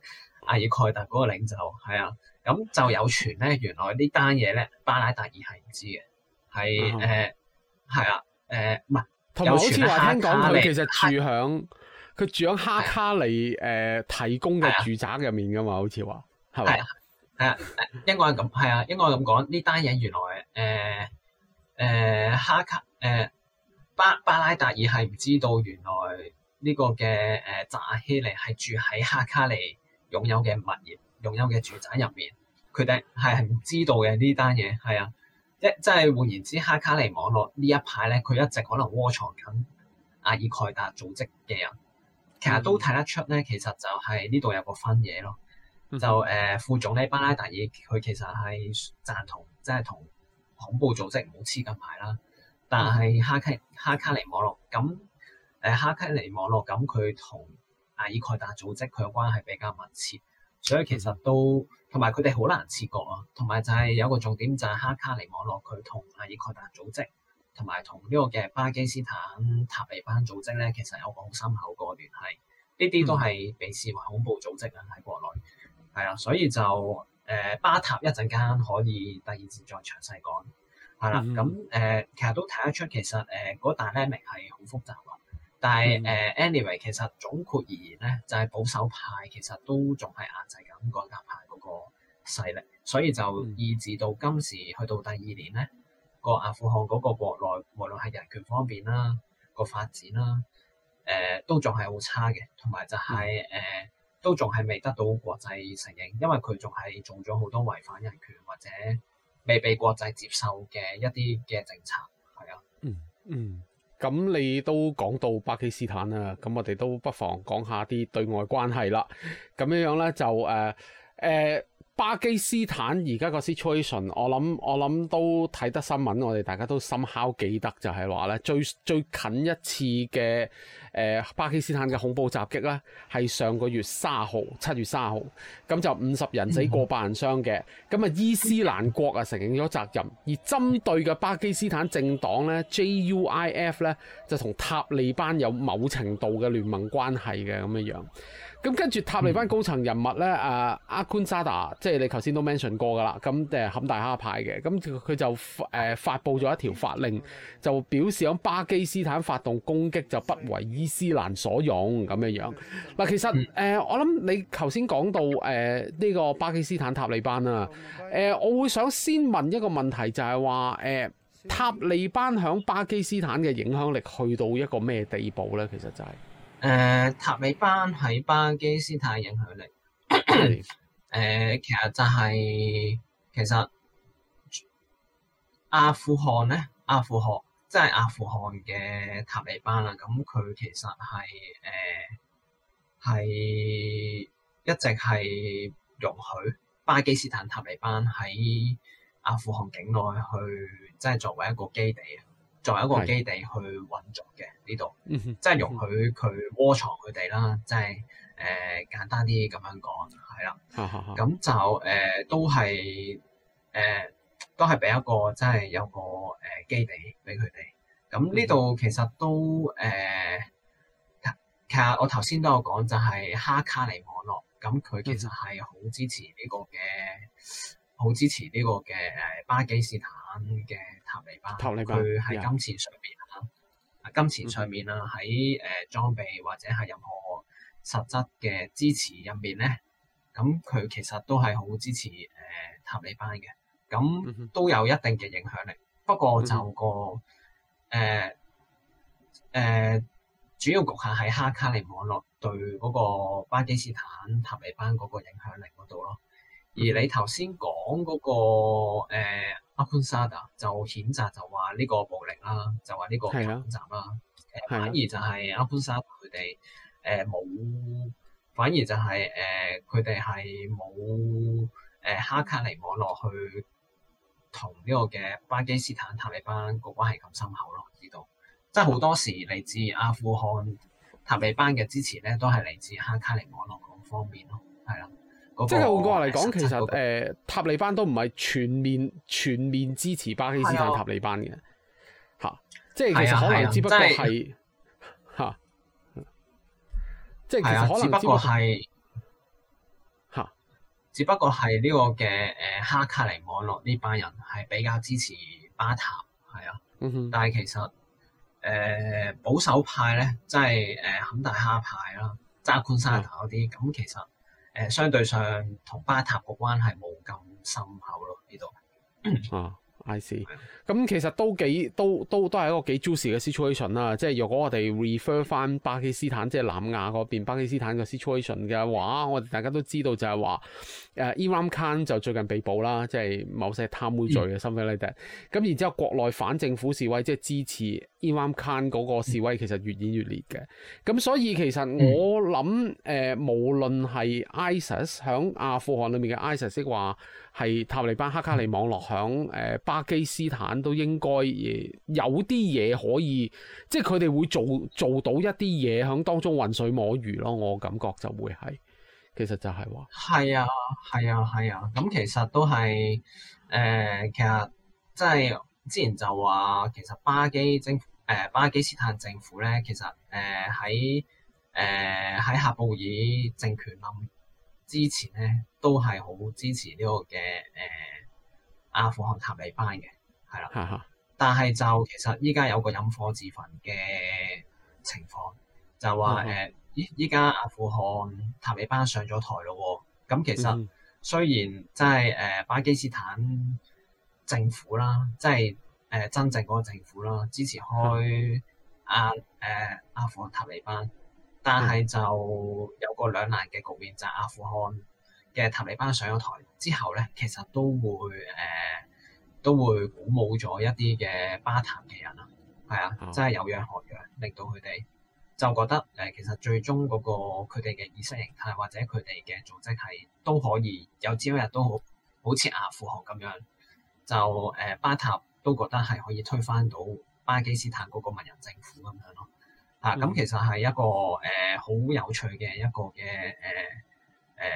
阿爾蓋特嗰個領袖，係啊，咁就有傳咧，原來呢單嘢咧，巴拉達爾係唔知嘅，係誒，係啊，誒唔係，好似話聽講佢其實住響佢住響哈卡利誒提供嘅住宅入面噶嘛，好似話係咪？誒，應該係咁，係啊，應該係咁講呢單嘢原來誒誒哈卡誒。巴巴拉達爾係唔知道原來呢個嘅誒扎阿希尼係住喺哈卡尼擁有嘅物業、擁有嘅住宅入面，佢哋係唔知道嘅，呢單嘢係啊。即即係換言之，哈卡尼網絡一呢一排咧，佢一直可能窩藏緊阿爾蓋達組織嘅人。其實都睇得出咧，其實就係呢度有個分野咯。就誒、呃、副總理巴拉達爾佢其實係贊同，即係同恐怖組織唔好黐近排啦。但係哈基哈卡尼網絡咁，誒哈卡尼網絡咁，佢同阿爾蓋達組織佢嘅關係比較密切，所以其實都同埋佢哋好難切割啊。同埋就係有個重點就係、是、哈卡尼網絡佢同阿爾蓋達組織同埋同呢個嘅巴基斯坦塔利班組織咧，其實有個好深厚嘅聯繫，呢啲都係被視為恐怖組織啊，喺國內係啊，所以就誒、呃、巴塔一陣間可以第二次再詳細講。係啦，咁誒、呃，其實都睇得出，其實誒嗰、呃那個、大 l a m 係好複雜㗎。但係誒、嗯呃，anyway，其實總括而言咧，就係、是、保守派其實都仲係壓制緊改革派嗰個勢力，所以就以至到今時去到第二年咧，個阿富汗嗰個國內無論係人權方面啦，個發展啦，誒、呃、都仲係好差嘅，同埋就係、是、誒、嗯呃、都仲係未得到國際承認，因為佢仲係做咗好多違反人權或者，未被國際接受嘅一啲嘅政策，係啊、嗯，嗯嗯，咁你都講到巴基斯坦啦，咁我哋都不妨講下啲對外關係啦。咁樣樣咧就誒誒、呃呃、巴基斯坦而家個 situation，我諗我諗都睇得新聞，我哋大家都深刻記得，就係話咧最最近一次嘅。誒巴基斯坦嘅恐怖襲擊咧，係上個月卅號，七月卅號，咁就五十人死過人，過百人傷嘅。咁啊，伊斯蘭國啊承認咗責任，而針對嘅巴基斯坦政黨咧，JUIF 咧就同塔利班有某程度嘅聯盟關係嘅咁樣樣，咁跟住塔利班高層人物咧，嗯、啊阿昆扎達，即係你頭先都 mention 過㗎啦。咁誒冚大哈坎大哈派嘅，咁佢就誒發佈咗一條法令，就表示響巴基斯坦發動攻擊就不為伊。伊斯蘭所用咁嘅樣嗱，其實誒、呃，我諗你頭先講到誒呢、呃這個巴基斯坦塔利班啦，誒、呃，我會想先問一個問題，就係話誒塔利班喺巴基斯坦嘅影響力去到一個咩地步咧、呃 [coughs] 呃？其實就係誒塔利班喺巴基斯坦影響力誒，其實就係其實阿富汗咧，阿富汗。即係阿富汗嘅塔利班啦，咁佢其實係誒係一直係容許巴基斯坦塔利班喺阿富汗境內去，即係作為一個基地啊，作為一個基地去運作嘅呢度，即係容許佢窩藏佢哋啦，即係誒簡單啲咁樣講係啦，咁就誒、係 [laughs] 呃、都係誒。呃都係俾一個真係有個誒基地俾佢哋。咁呢度其實都誒、呃，其實我頭先都有講，就係哈卡尼網絡咁，佢其實係好支持呢個嘅，好支持呢個嘅誒巴基斯坦嘅塔利班。塔利班佢喺金錢上面啊，嗯、金錢上面啊，喺誒裝備或者係任何實質嘅支持入面咧，咁佢其實都係好支持誒、呃、塔利班嘅。咁都有一定嘅影響力，不過就個誒誒、嗯呃呃、主要局限喺哈卡尼網絡對嗰個巴基斯坦塔利班嗰個影響力嗰度咯。而你頭先講嗰個、呃、阿潘沙達就譴責就話呢個暴力啦，就話呢個襲擊啦、啊呃，反而就係阿潘沙達佢哋誒冇，反而就係誒佢哋係冇誒哈卡尼網絡去。同呢個嘅巴基斯坦塔利班個關係咁深厚咯，我知道？即係好多時嚟自阿富汗塔利班嘅支持咧，都係嚟自哈卡尼網絡嗰方面咯，係啦。那個那個、即係換句話嚟講，其實誒、呃、塔利班都唔係全面全面支持巴基斯坦的塔利班嘅，嚇、啊。即係其實可能只不過係嚇、就是啊，即係其實可能只不過係。只不過係呢個嘅誒哈卡尼網絡呢班人係比較支持巴塔。係啊，嗯、哼但係其實誒、呃、保守派咧，即係誒坎大哈派啦，揸昆薩達嗰啲，咁、嗯、其實誒、呃、相對上同巴塔嘅關係冇咁深厚咯，呢度。嗯嗯 S I s 咁其實都幾都都都係一個幾 juicy 嘅 situation 啦。即係如果我哋 refer 翻巴基斯坦，即、就、係、是、南亞嗰邊巴基斯坦嘅 situation 嘅話，我哋大家都知道就係話，誒 Iram k a n 就最近被捕啦，即係某些貪污罪嘅 s u m m，咁然之後國內反政府示威，即係支持伊 r a m k a n 嗰個示威，其實越演越烈嘅。咁所以其實我諗誒、呃，無論係 ISIS 響阿富汗裡面嘅 ISIS 話。係塔利班、黑卡利網絡響誒巴基斯坦都應該有啲嘢可以，即係佢哋會做做到一啲嘢響當中混水摸魚咯。我感覺就會係其實就係話係啊，係啊，係啊。咁其實都係誒、呃，其實即係之前就話其實巴基政、呃、巴基斯坦政府咧，其實誒喺誒喺喀布爾政權冧。之前咧都係好支持呢個嘅誒、呃、阿富汗塔利班嘅，係啦， [noise] 但係就其實依家有個引火自焚嘅情況，就話誒，依依家阿富汗塔利班上咗台咯、哦，咁、嗯、其實雖然即係誒巴基斯坦政府啦，即係誒真正嗰個政府啦，支持開阿誒、 [noise] 啊呃、阿富汗塔利班。但係就有個兩難嘅局面，就係、阿富汗嘅塔利班上咗台之後咧，其實都會誒、呃、都會鼓舞咗一啲嘅巴塔嘅人啊，係啊，哦、真係有樣學樣，令到佢哋就覺得誒、呃、其實最終嗰個佢哋嘅意識形態或者佢哋嘅組織係都可以有朝一日，都好好似阿富汗咁樣，就誒、呃、巴塔都覺得係可以推翻到巴基斯坦嗰個文人政府咁樣咯。咁、啊、其實係一個誒好、呃、有趣嘅一個嘅誒誒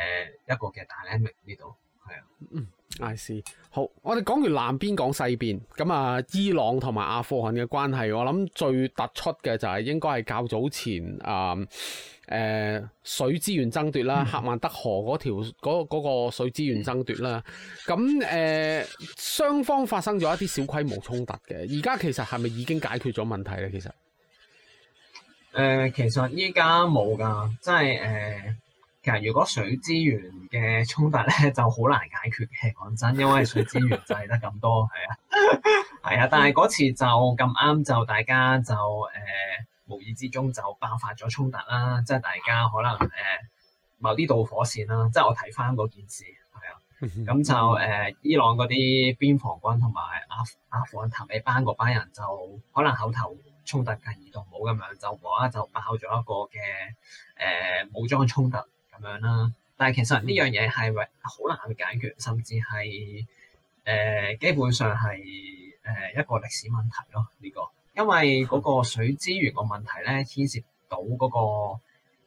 一個嘅 dynamic 呢度，係啊，嗯，啱先，好，我哋講完南邊講西邊，咁啊，伊朗同埋阿富汗嘅關係，我諗最突出嘅就係應該係較早前啊誒、嗯呃、水資源爭奪啦，赫、嗯、曼德河嗰條嗰個水資源爭奪啦，咁誒、啊、雙方發生咗一啲小規模衝突嘅，而家其實係咪已經解決咗問題咧？其實？誒、呃，其實依家冇㗎，即係誒，其實如果水資源嘅衝突咧，就好難解決嘅。講真，因為水資源就係得咁多，係啊，係啊。但係嗰次就咁啱，就大家就誒、呃、無意之中就爆發咗衝突啦。即係大家可能誒、呃、某啲導火線啦。即係我睇翻嗰件事係啊，咁 [laughs] 就誒、呃、伊朗嗰啲邊防軍同埋阿阿富汗塔利班嗰班人就可能口頭。衝突嘅移動冇咁樣，就無啦，就爆咗一個嘅誒、呃、武裝衝突咁樣啦。但係其實呢樣嘢係好難去解決，甚至係誒、呃、基本上係誒、呃、一個歷史問題咯。呢、這個因為嗰個水資源個問題咧，牽涉到嗰個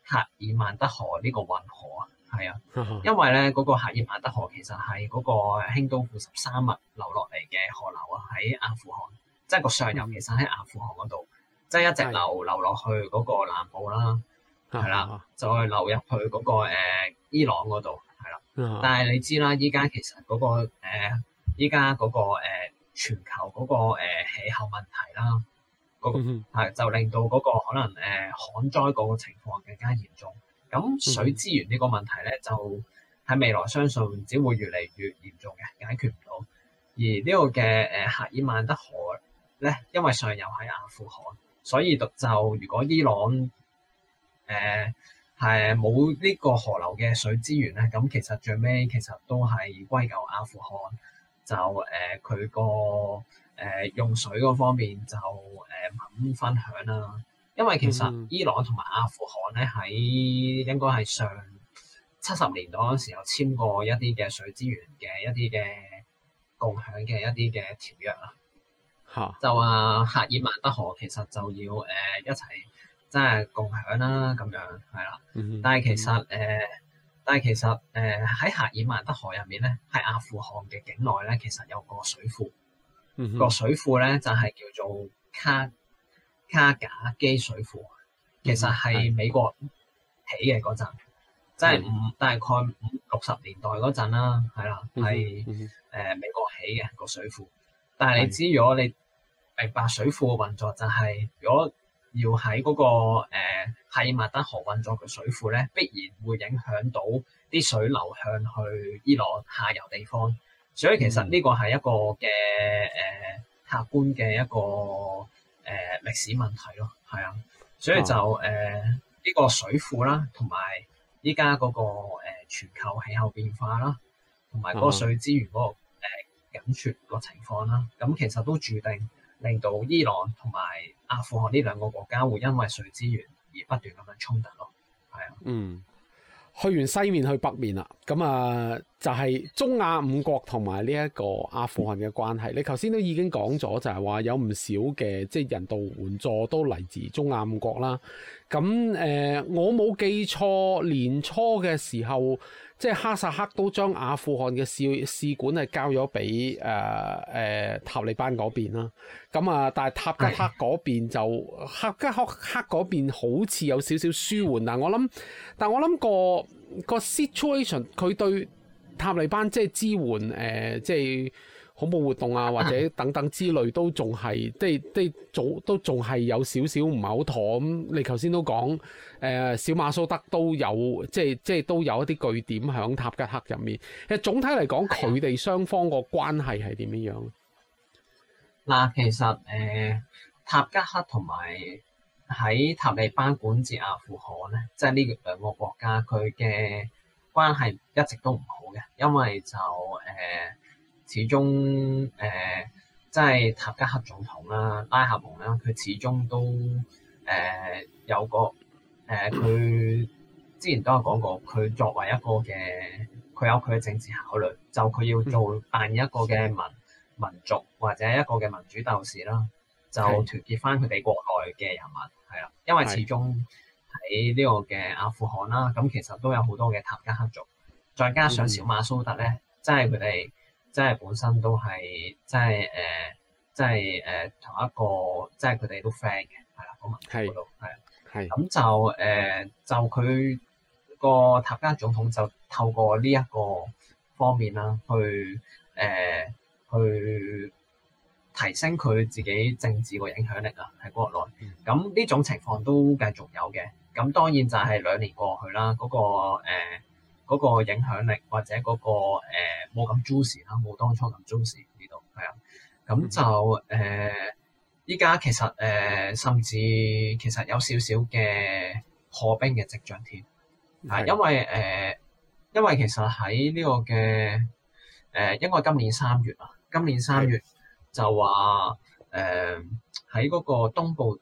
喀爾曼德河呢個運河啊，係啊，因為咧嗰、那個喀爾曼德河其實係嗰個興都庫什山脈流落嚟嘅河流啊，喺阿富汗，即係個上游其實喺阿富汗嗰度。 [laughs] 即係一直流流落去嗰個南部啦，係啦的，就去流入去嗰個誒伊朗嗰度係啦。的但係你知啦，依家其實嗰、嗰個誒，依家嗰個全球嗰個誒氣候問題啦，嗰、嗰個、嗯、哼就令到嗰個可能誒旱、呃、災嗰個情況更加嚴重。咁水資源呢個問題咧，就喺未來相信只會越嚟越嚴重嘅解決唔到。而呢個嘅誒赫爾曼德河咧，因為上游係阿富汗。所以就如果伊朗誒係冇呢個河流嘅水資源咧，咁其實最尾其實都係歸咎阿富汗，就誒佢個誒用水嗰方面就誒唔肯分享啦。因為其實伊朗同埋阿富汗咧，喺應該係上七十年代嗰時候，簽過一啲嘅水資源嘅一啲嘅共享嘅一啲嘅條約啊。就話赫爾曼德河其實就要誒、呃、一齊，即、呃、係共享啦咁樣，係啦、呃。但係其實誒，但係其實誒喺赫爾曼德河入面咧，喺阿富汗嘅境內咧，其實有個水庫，個、嗯、哼水庫咧就係、是、叫做卡卡賈基水庫，其實係美國起嘅嗰陣，即係五大概五六十年代嗰陣啦，係啦，係誒、呃、美國起嘅個水庫。但係你知，如果你明白水庫嘅運作就係、是，如果要喺嗰、那個誒細麥德河運作嘅水庫咧，必然會影響到啲水流向去伊朗下游地方。所以其實呢個係一個嘅誒、呃、客觀嘅一個誒、呃、歷史問題咯，係啊。所以就誒呢、嗯呃、這個水庫啦，同埋依家嗰個、呃、全球氣候變化啦，同埋嗰個水資源嗰、那個誒緊缺個情況啦，咁其實都注定。令到伊朗同埋阿富汗呢兩個國家會因為水資源而不斷咁樣衝突咯，係啊，嗯，去完西面去北面啦，咁啊就係、是、中亞五國同埋呢一個阿富汗嘅關係。你頭先都已經講咗，就係話有唔少嘅即係人道援助都嚟自中亞五國啦。咁誒、呃，我冇記錯年初嘅時候。即係哈薩克都將阿富汗嘅使使館係交咗俾誒誒塔利班嗰邊啦，咁啊，但係塔吉克嗰邊就塔、哎、呀吉克克嗰邊好似有少少舒緩，嗱，我諗，但我諗個個 situation 佢對塔利班即係支援誒、呃，即係。恐怖活動啊，或者等等之類，都仲係即係即係早都仲係有少少唔係好妥咁。你頭先都講誒、呃，小馬蘇德都有即係即係都有一啲據點喺塔吉克入面。其實總體嚟講，佢哋雙方個關係係點樣？嗱，其實誒塔吉克同埋喺塔利班管治阿富汗咧，即係呢兩個國家佢嘅關係一直都唔好嘅，因為就誒。呃始終誒，即、呃、係塔加克總統啦、拉赫蒙啦，佢始終都誒、呃、有個誒。佢、呃、之前都有講過，佢作為一個嘅佢有佢嘅政治考慮，就佢要做扮一個嘅民的民族或者一個嘅民主鬥士啦。就團結翻佢哋國內嘅人民係啊，的的因為始終喺呢個嘅阿富汗啦，咁其實都有好多嘅塔加克族，再加上小馬蘇特咧，即係佢哋。即係本身都係，即係誒，即係誒，同一個，即係佢哋都 friend 嘅，係啦，個問題咁就誒、呃，就佢個塔加總統就透過呢一個方面啦，去、呃、誒去提升佢自己政治個影響力啦，喺國內。咁、嗯、呢、嗯啊、種情況都繼續有嘅。咁當然就係兩年過去啦，嗰、那個、呃嗰個影響力或者嗰、那個冇咁 juicy 啦，冇、呃、當初咁 juicy 呢度，係啊，咁就誒依家其實誒、呃、甚至其實有少少嘅破冰嘅跡象添，啊，的因為誒、呃、因為其實喺呢個嘅誒，因、呃、為今年三月啊，今年三月就話誒喺嗰個東部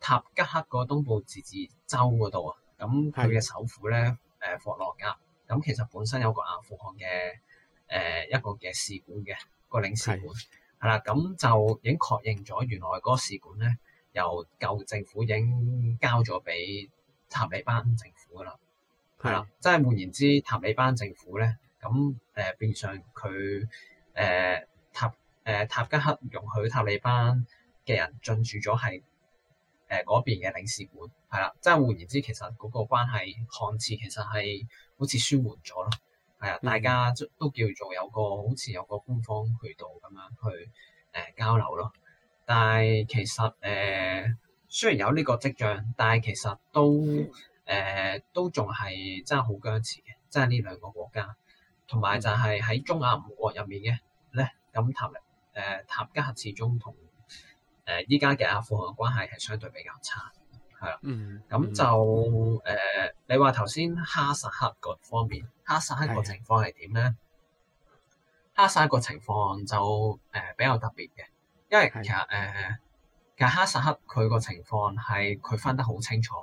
塔吉克個東部自治州嗰度啊，咁佢嘅首府咧誒霍洛格。的咁其實本身有個阿富汗嘅誒、呃、一個嘅使館嘅個領事館係啦，咁是、嗯、就已經確認咗，原來嗰個使館咧由舊政府已經交咗俾塔利班政府噶啦，係啦是、嗯，即係換言之，塔利班政府咧咁誒，變相佢誒、呃、塔誒、呃、塔吉克容許塔利班嘅人進駐咗係。誒嗰、呃、邊嘅領事館係啦，即係換言之，其實嗰個關係看似其實係好似舒緩咗咯，係啊，大家都叫做有個好似有個官方渠道咁樣去誒、呃、交流咯。但係其實誒、呃、雖然有呢個跡象，但係其實都誒、呃、都仲係真係好僵持嘅，即係呢兩個國家同埋就係喺中亞五國入面嘅咧，咁塔力、呃、塔吉克次總統。誒，依家嘅阿富汗嘅關係係相對比較差，係啊，咁、嗯、就誒、呃，你話頭先哈薩克嗰方面，嗯、哈薩克個情況係點咧？的哈薩克情況就誒比較特別嘅，因為其實誒，其、呃、哈薩克佢個情況係佢分得好清楚，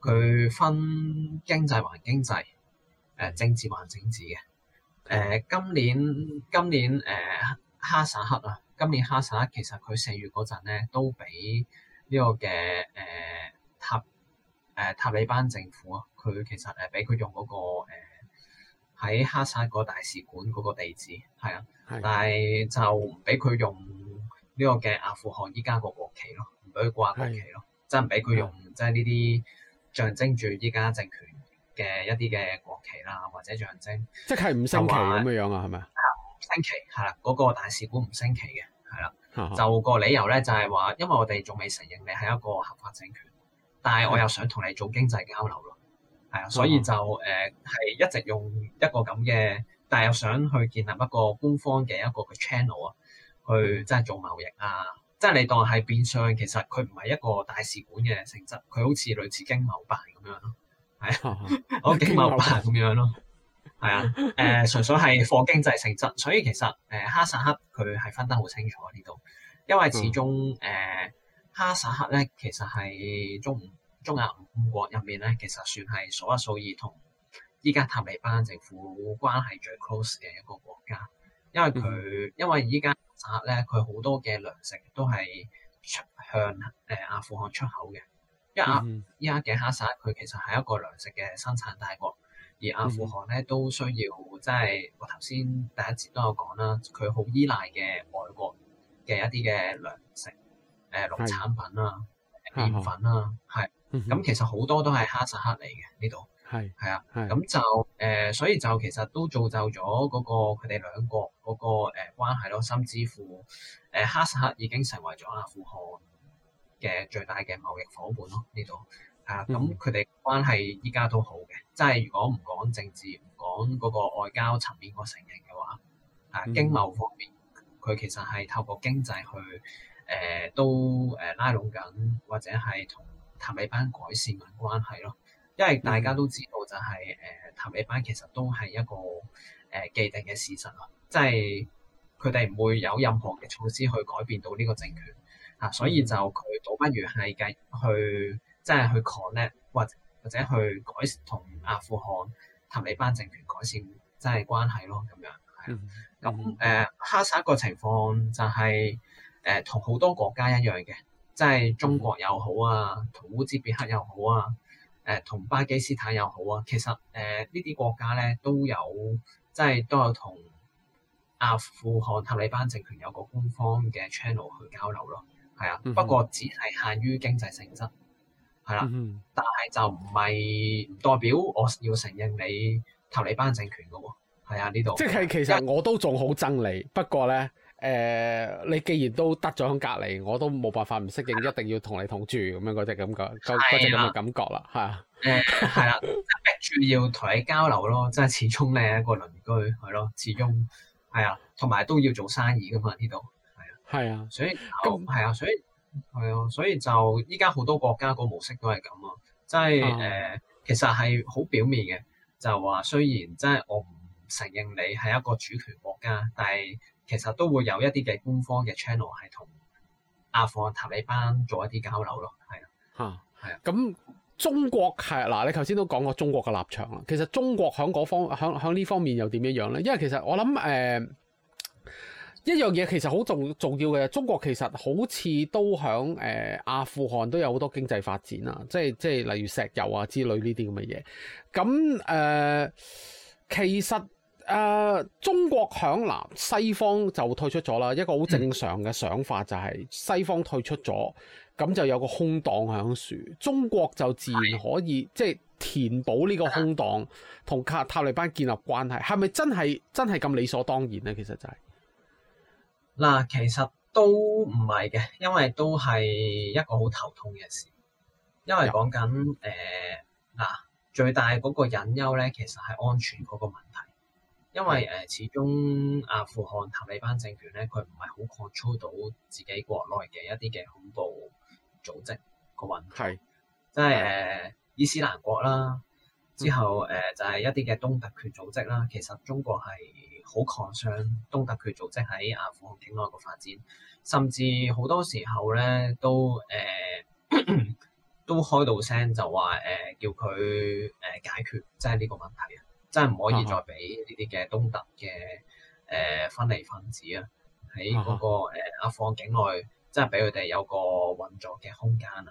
佢分經濟還經濟，誒、呃、政治還政治嘅。誒、呃、今年今年誒、呃、哈薩克啊。今年哈薩其實佢四月嗰陣咧，都俾呢個嘅誒、呃、塔誒、呃、塔利班政府啊，佢其實誒俾佢用嗰、那個喺、呃、哈薩個大使館嗰個地址，係啊，但係就唔俾佢用呢個嘅阿富汗依家個國旗咯，唔俾佢掛國旗咯的，即係唔俾佢用即係呢啲象徵住依家政權嘅一啲嘅國旗啦，或者象徵，即係五星旗咁嘅樣啊，係咪星旗係啦，嗰、那個大使館五星旗嘅。係啦，就個理由咧，就係話，因為我哋仲未承認你係一個合法政權，但係我又想同你做經濟交流咯，係啊，所以就誒係、呃、一直用一個咁嘅，但係又想去建立一個官方嘅一個 channel 啊，去即係做貿易啊，即係你當係變相，其實佢唔係一個大使館嘅性質，佢好似類似經貿辦咁樣咯，係啊，我經貿辦咁樣咯。係啊，誒、呃，純粹係貨經濟性質，所以其實誒哈薩克佢係分得好清楚呢度，因為始終誒、嗯呃、哈薩克咧，其實係中中亞五國入面咧，其實算係數一數二同依家塔利班政府關係最 close 嘅一個國家，因為佢、嗯、因為依家哈薩克咧，佢好多嘅糧食都係出向誒阿富汗出口嘅，因為依家嘅哈薩克佢其實係一個糧食嘅生產大國。而阿富汗咧都需要，即係我頭先第一節都有講啦，佢好依賴嘅外國嘅一啲嘅糧食、誒農是、呃、產品啦、啊、麵是粉啦，係咁其實好多都係哈薩克嚟嘅，呢度係，係啊，咁是就誒、呃，所以就其實都造就咗嗰個佢哋兩國嗰個誒、嗰個呃、關係咯，甚至乎誒、呃、哈薩克已經成為咗阿富汗嘅最大嘅貿易伙伴咯呢度。啊，咁佢哋關係依家都好嘅，即係如果唔講政治，唔講嗰個外交層面嗰個承認嘅話，啊經貿方面佢其實係透過經濟去誒、呃、都誒拉攏緊，或者係同塔利班改善緊關係咯。因為大家都知道就係、是、誒、呃、塔利班其實都係一個誒既定嘅事實咯，即係佢哋唔會有任何嘅措施去改變到呢個政權啊，所以就佢倒不如係繼去。即係去 connect 或或者去改善同阿富汗塔利班政權改善，真係關係咯。咁樣係啊。咁誒、嗯嗯呃，哈薩個情況就係誒同好多國家一樣嘅，即係中國又好啊，同烏茲別克又好啊，誒、呃、同巴基斯坦又好啊。其實誒呢啲國家咧都有即係都有同阿富汗塔利班政權有個官方嘅 channel 去交流咯。係啊，嗯嗯、不過只係限於經濟性質。係啦，但係就唔係代表我要承認你投你班政權嘅喎。係啊，呢度即係其實我都仲好憎你，不過咧，誒、呃，你既然都得咗喺隔籬，我都冇辦法唔適應，一定要同你同住咁樣嗰隻感覺，嗰隻咁嘅感覺啦。係啊的，誒，係啦，要同你交流咯，即係始終你係一個鄰居，係咯，始終係啊，同埋都要做生意噶嘛呢度。係啊，係啊，的的所以係啊那，所以。所以係啊，所以就依家好多國家個模式都係咁啊，即係誒、呃，其實係好表面嘅，就話雖然即係我唔承認你係一個主權國家，但係其實都會有一啲嘅官方嘅 channel 係同阿富汗塔利班做一啲交流咯，係啊，吓，係啊，咁中國係嗱，你頭先都講過中國嘅立場啊，其實中國響嗰方，響響呢方面又點樣樣咧？因為其實我諗誒。呃一樣嘢其實好重重要嘅。中國其實好似都響誒、呃、阿富汗都有好多經濟發展啊，即係即係例如石油啊之類呢啲咁嘅嘢。咁誒、呃，其實誒、呃、中國響南西方就退出咗啦。一個好正常嘅想法就係西方退出咗，咁就有個空檔喺處，中國就自然可以的即係填補呢個空檔，同塔塔利班建立關係。係咪真係真係咁理所當然呢？其實就係、是。嗱，其實都唔係嘅，因為都係一個好頭痛嘅事，因為講緊誒嗱最大嗰個隱憂咧，其實係安全嗰個問題，因為誒是始終阿富汗塔利班政權咧，佢唔係好 control 到自己國內嘅一啲嘅恐怖組織個問題，是即係誒、呃、伊斯蘭國啦，之後誒、嗯呃、就係、是、一啲嘅東突厥組織啦，其實中國係好關注東突厥組織喺阿富汗境內嘅發展，甚至好多時候咧都誒、呃、都開到聲就話誒、呃、叫佢誒解決，即係呢個問題啊！即係唔可以再俾呢啲嘅東突嘅誒、呃、分離分子啊、那個，喺嗰個阿富汗境內，即係俾佢哋有個運作嘅空間啊！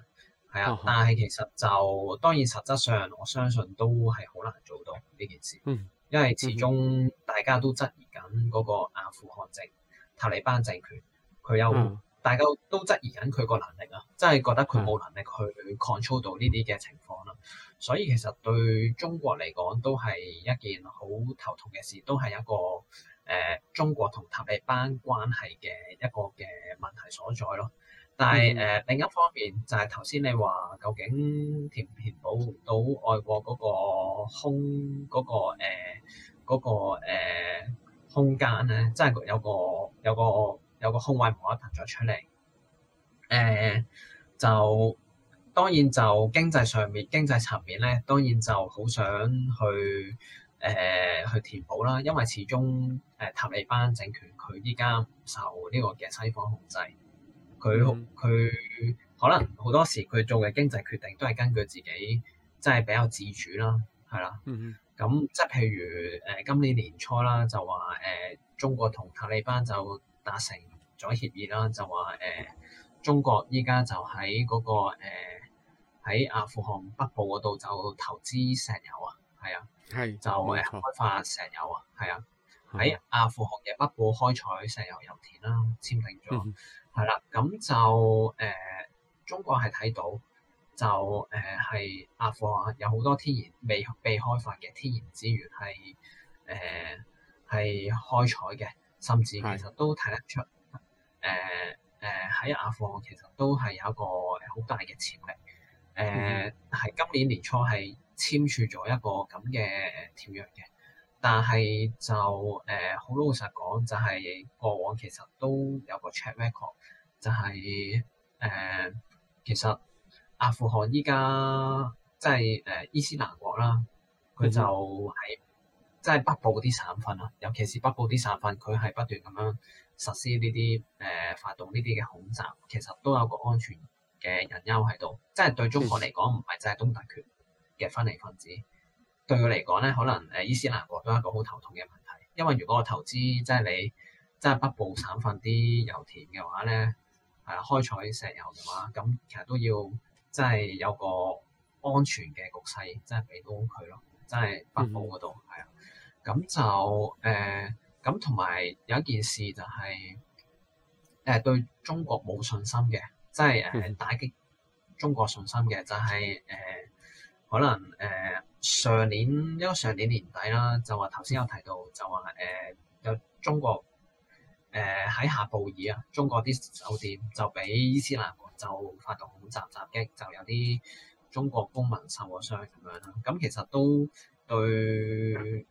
係啊，但係其實就當然實質上，我相信都係好難做到呢件事。嗯因為始終大家都質疑緊嗰個阿富汗政塔利班政權，佢有、嗯、大家都質疑緊佢個能力啊，真係覺得佢冇能力去 control 到呢啲嘅情況啦。所以其實對中國嚟講都係一件好頭痛嘅事，都係一個誒、呃、中國同塔利班關係嘅一個嘅問題所在咯。但係誒、嗯呃、另一方面就係頭先你話，究竟填唔填補到外國嗰、那個？空嗰、那個誒嗰、呃那個、呃、空間咧，真係有個有個有個空位無可彈咗出嚟誒、呃，就當然就經濟上面經濟層面咧，當然就好想去誒、呃、去填補啦。因為始終誒塔利班政權佢依家唔受呢個嘅西方控制，佢佢可能好多時佢做嘅經濟決定都係根據自己真係比較自主啦。係啦，咁、嗯、即係譬如誒、呃、今年年初啦，就話誒、呃、中國同塔利班就達成咗協議啦，就話誒中國依家就喺嗰個喺阿富汗北部嗰度就投資石油啊，係啊，係的就誒開發石油啊，係啊，喺阿富汗嘅北部開採石油油田啦，簽訂咗，係啦、嗯，咁、嗯、就誒、呃、中國係睇到。就誒，係係阿富汗有好多天然未被開發嘅天然資源係誒，係、呃、開採嘅，甚至其實都睇得出誒誒喺阿富汗其實都係有一個誒好大嘅潛力。誒、呃，係、嗯、今年年初係簽署咗一個咁嘅誒條約嘅，但係就誒好、呃、老實講就係過往其實都有個 check record，就係、是、誒、呃、其實。阿富汗依家即係誒伊斯蘭國啦，佢就係即係北部啲省份啦，尤其是北部啲省份，佢係不斷咁樣實施呢啲誒發動呢啲嘅恐襲，其實都有個安全嘅隱憂喺度，即係對中國嚟講唔係真係東突厥嘅分離分子，對佢嚟講咧，可能誒伊斯蘭國都係一個好頭痛嘅問題，因為如果我投資即係你即係北部省份啲油田嘅話咧，係呀，開採石油嘅話，咁其實都要。即係有個安全嘅局勢，即係俾到佢咯。即係北部嗰度係啊，咁、嗯、就誒咁同埋有一件事就係、是、誒、呃、對中國冇信心嘅，即係誒打擊中國信心嘅就係、是、誒、呃、可能誒、呃、上年因為上年年底啦，就話頭先有提到、嗯、就話誒、呃、有中國誒喺、呃、夏布爾啊，中國啲酒店就俾伊斯蘭。就發動恐襲襲擊，就有啲中國公民受咗傷咁樣啦。咁其實都對誒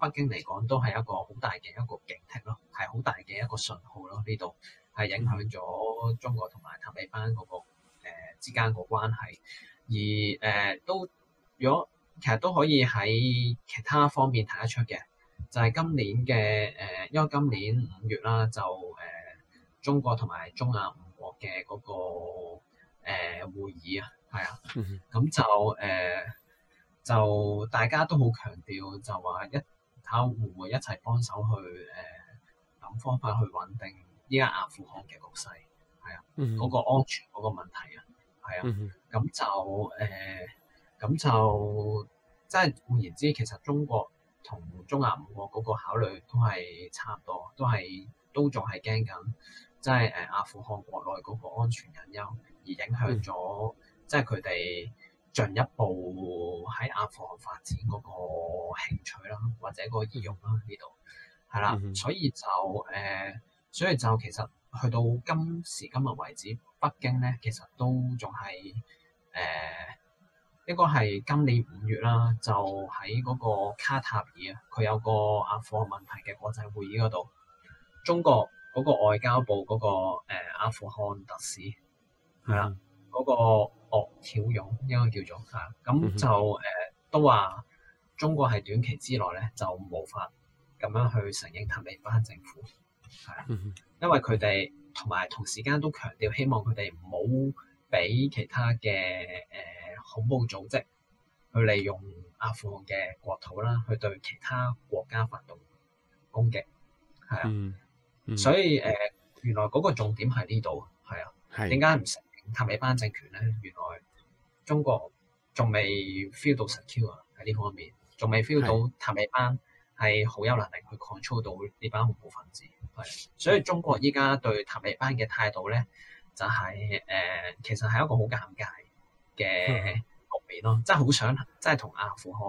北京嚟講，都係一個好大嘅一個警惕咯，係好大嘅一個信號咯。呢度係影響咗中國同埋塔利班嗰、那個、呃、之間個關係，而誒、呃、都如果其實都可以喺其他方面睇得出嘅，就係、是、今年嘅誒、呃，因為今年五月啦，就誒、呃、中國同埋中亞。嘅嗰、那個誒、呃、會議啊，係啊，咁就誒、呃、就大家都好強調就話一睇下會唔會一齊幫手去誒諗、呃、方法去穩定依家阿富汗嘅局勢係啊，嗰、嗯、哼個安全嗰個問題啊，係啊，咁、嗯、哼就誒咁、呃、就即係換言之，其實中國同中亞五國嗰個考慮都係差唔多，都係都仲係驚緊。即係誒阿富汗國內嗰個安全隱憂，而影響咗、嗯、即係佢哋進一步喺阿富汗發展嗰個興趣啦，或者個意欲啦，呢度係啦，嗯、所以就誒、呃，所以就其實去到今時今日為止，北京咧其實都仲係誒，應該係今年五月啦，就喺嗰個卡塔爾啊，佢有個阿富汗問題嘅國際會議嗰度，中國，嗰個外交部嗰、那個、呃、阿富汗特使係啦，嗰、嗯哼啊那個岳曉勇應該叫做係咁、嗯、就誒、呃、都話中國係短期之內咧，就無法咁樣去承認塔利班政府係啦，啊嗯、哼因為佢哋同埋同時間都強調，希望佢哋唔好俾其他嘅誒、呃、恐怖組織去利用阿富汗嘅國土啦，去對其他國家發動攻擊係啊。嗯嗯、所以誒、呃，原來嗰個重點係呢度，係啊，點解唔承認塔利班政權咧？原來中國仲未 feel 到 secure 喺呢方面，仲未 feel 到塔利班係好有能力去 control 到呢班恐怖分子係，所以中國依家對塔利班嘅態度咧，就係、是、誒、呃，其實係一個好尷尬嘅局面咯。嗯、即係好想，即係同阿富汗，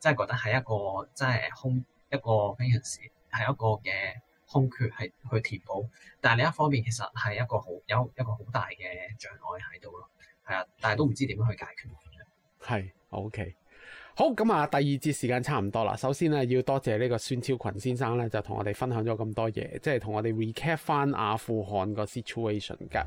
即係覺得係一個即係空一個非常時係一個嘅。空缺係去填補，但係另一方面其實係一個好有一個好大嘅障礙喺度咯。係啊，但係都唔知點樣去解決。係 OK，好，咁啊，第二節時間差唔多啦。首先咧，要多謝呢個孫超群先生咧，就同我哋分享咗咁多嘢，即係同我哋 recap 返阿富汗個 situation 㗎。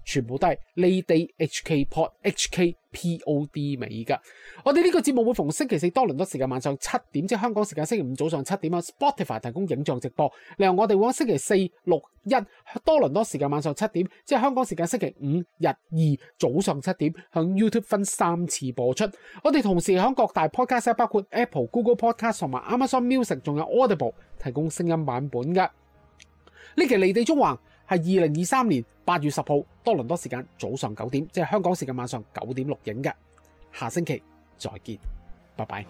全部都係離地 HK Pod、HK POD 美㗎。我哋呢個節目會逢星期四多倫多時間晚上七點，即係香港時間星期五早上七點啊，喺 Spotify 提供影像直播，例如我哋會喺星期四六一多倫多時間晚上七點，即係香港時間星期五日二早上七點，向 YouTube 分三次播出。我哋同時喺各大 podcast，包括 Apple、Google Podcast 同埋 Amazon Music，仲有 Audible 提供聲音版本嘅。呢期離地中環。係二零二三年八月十號多倫多時間早上九點，即係香港時間晚上九點錄影嘅。下星期再見，拜拜。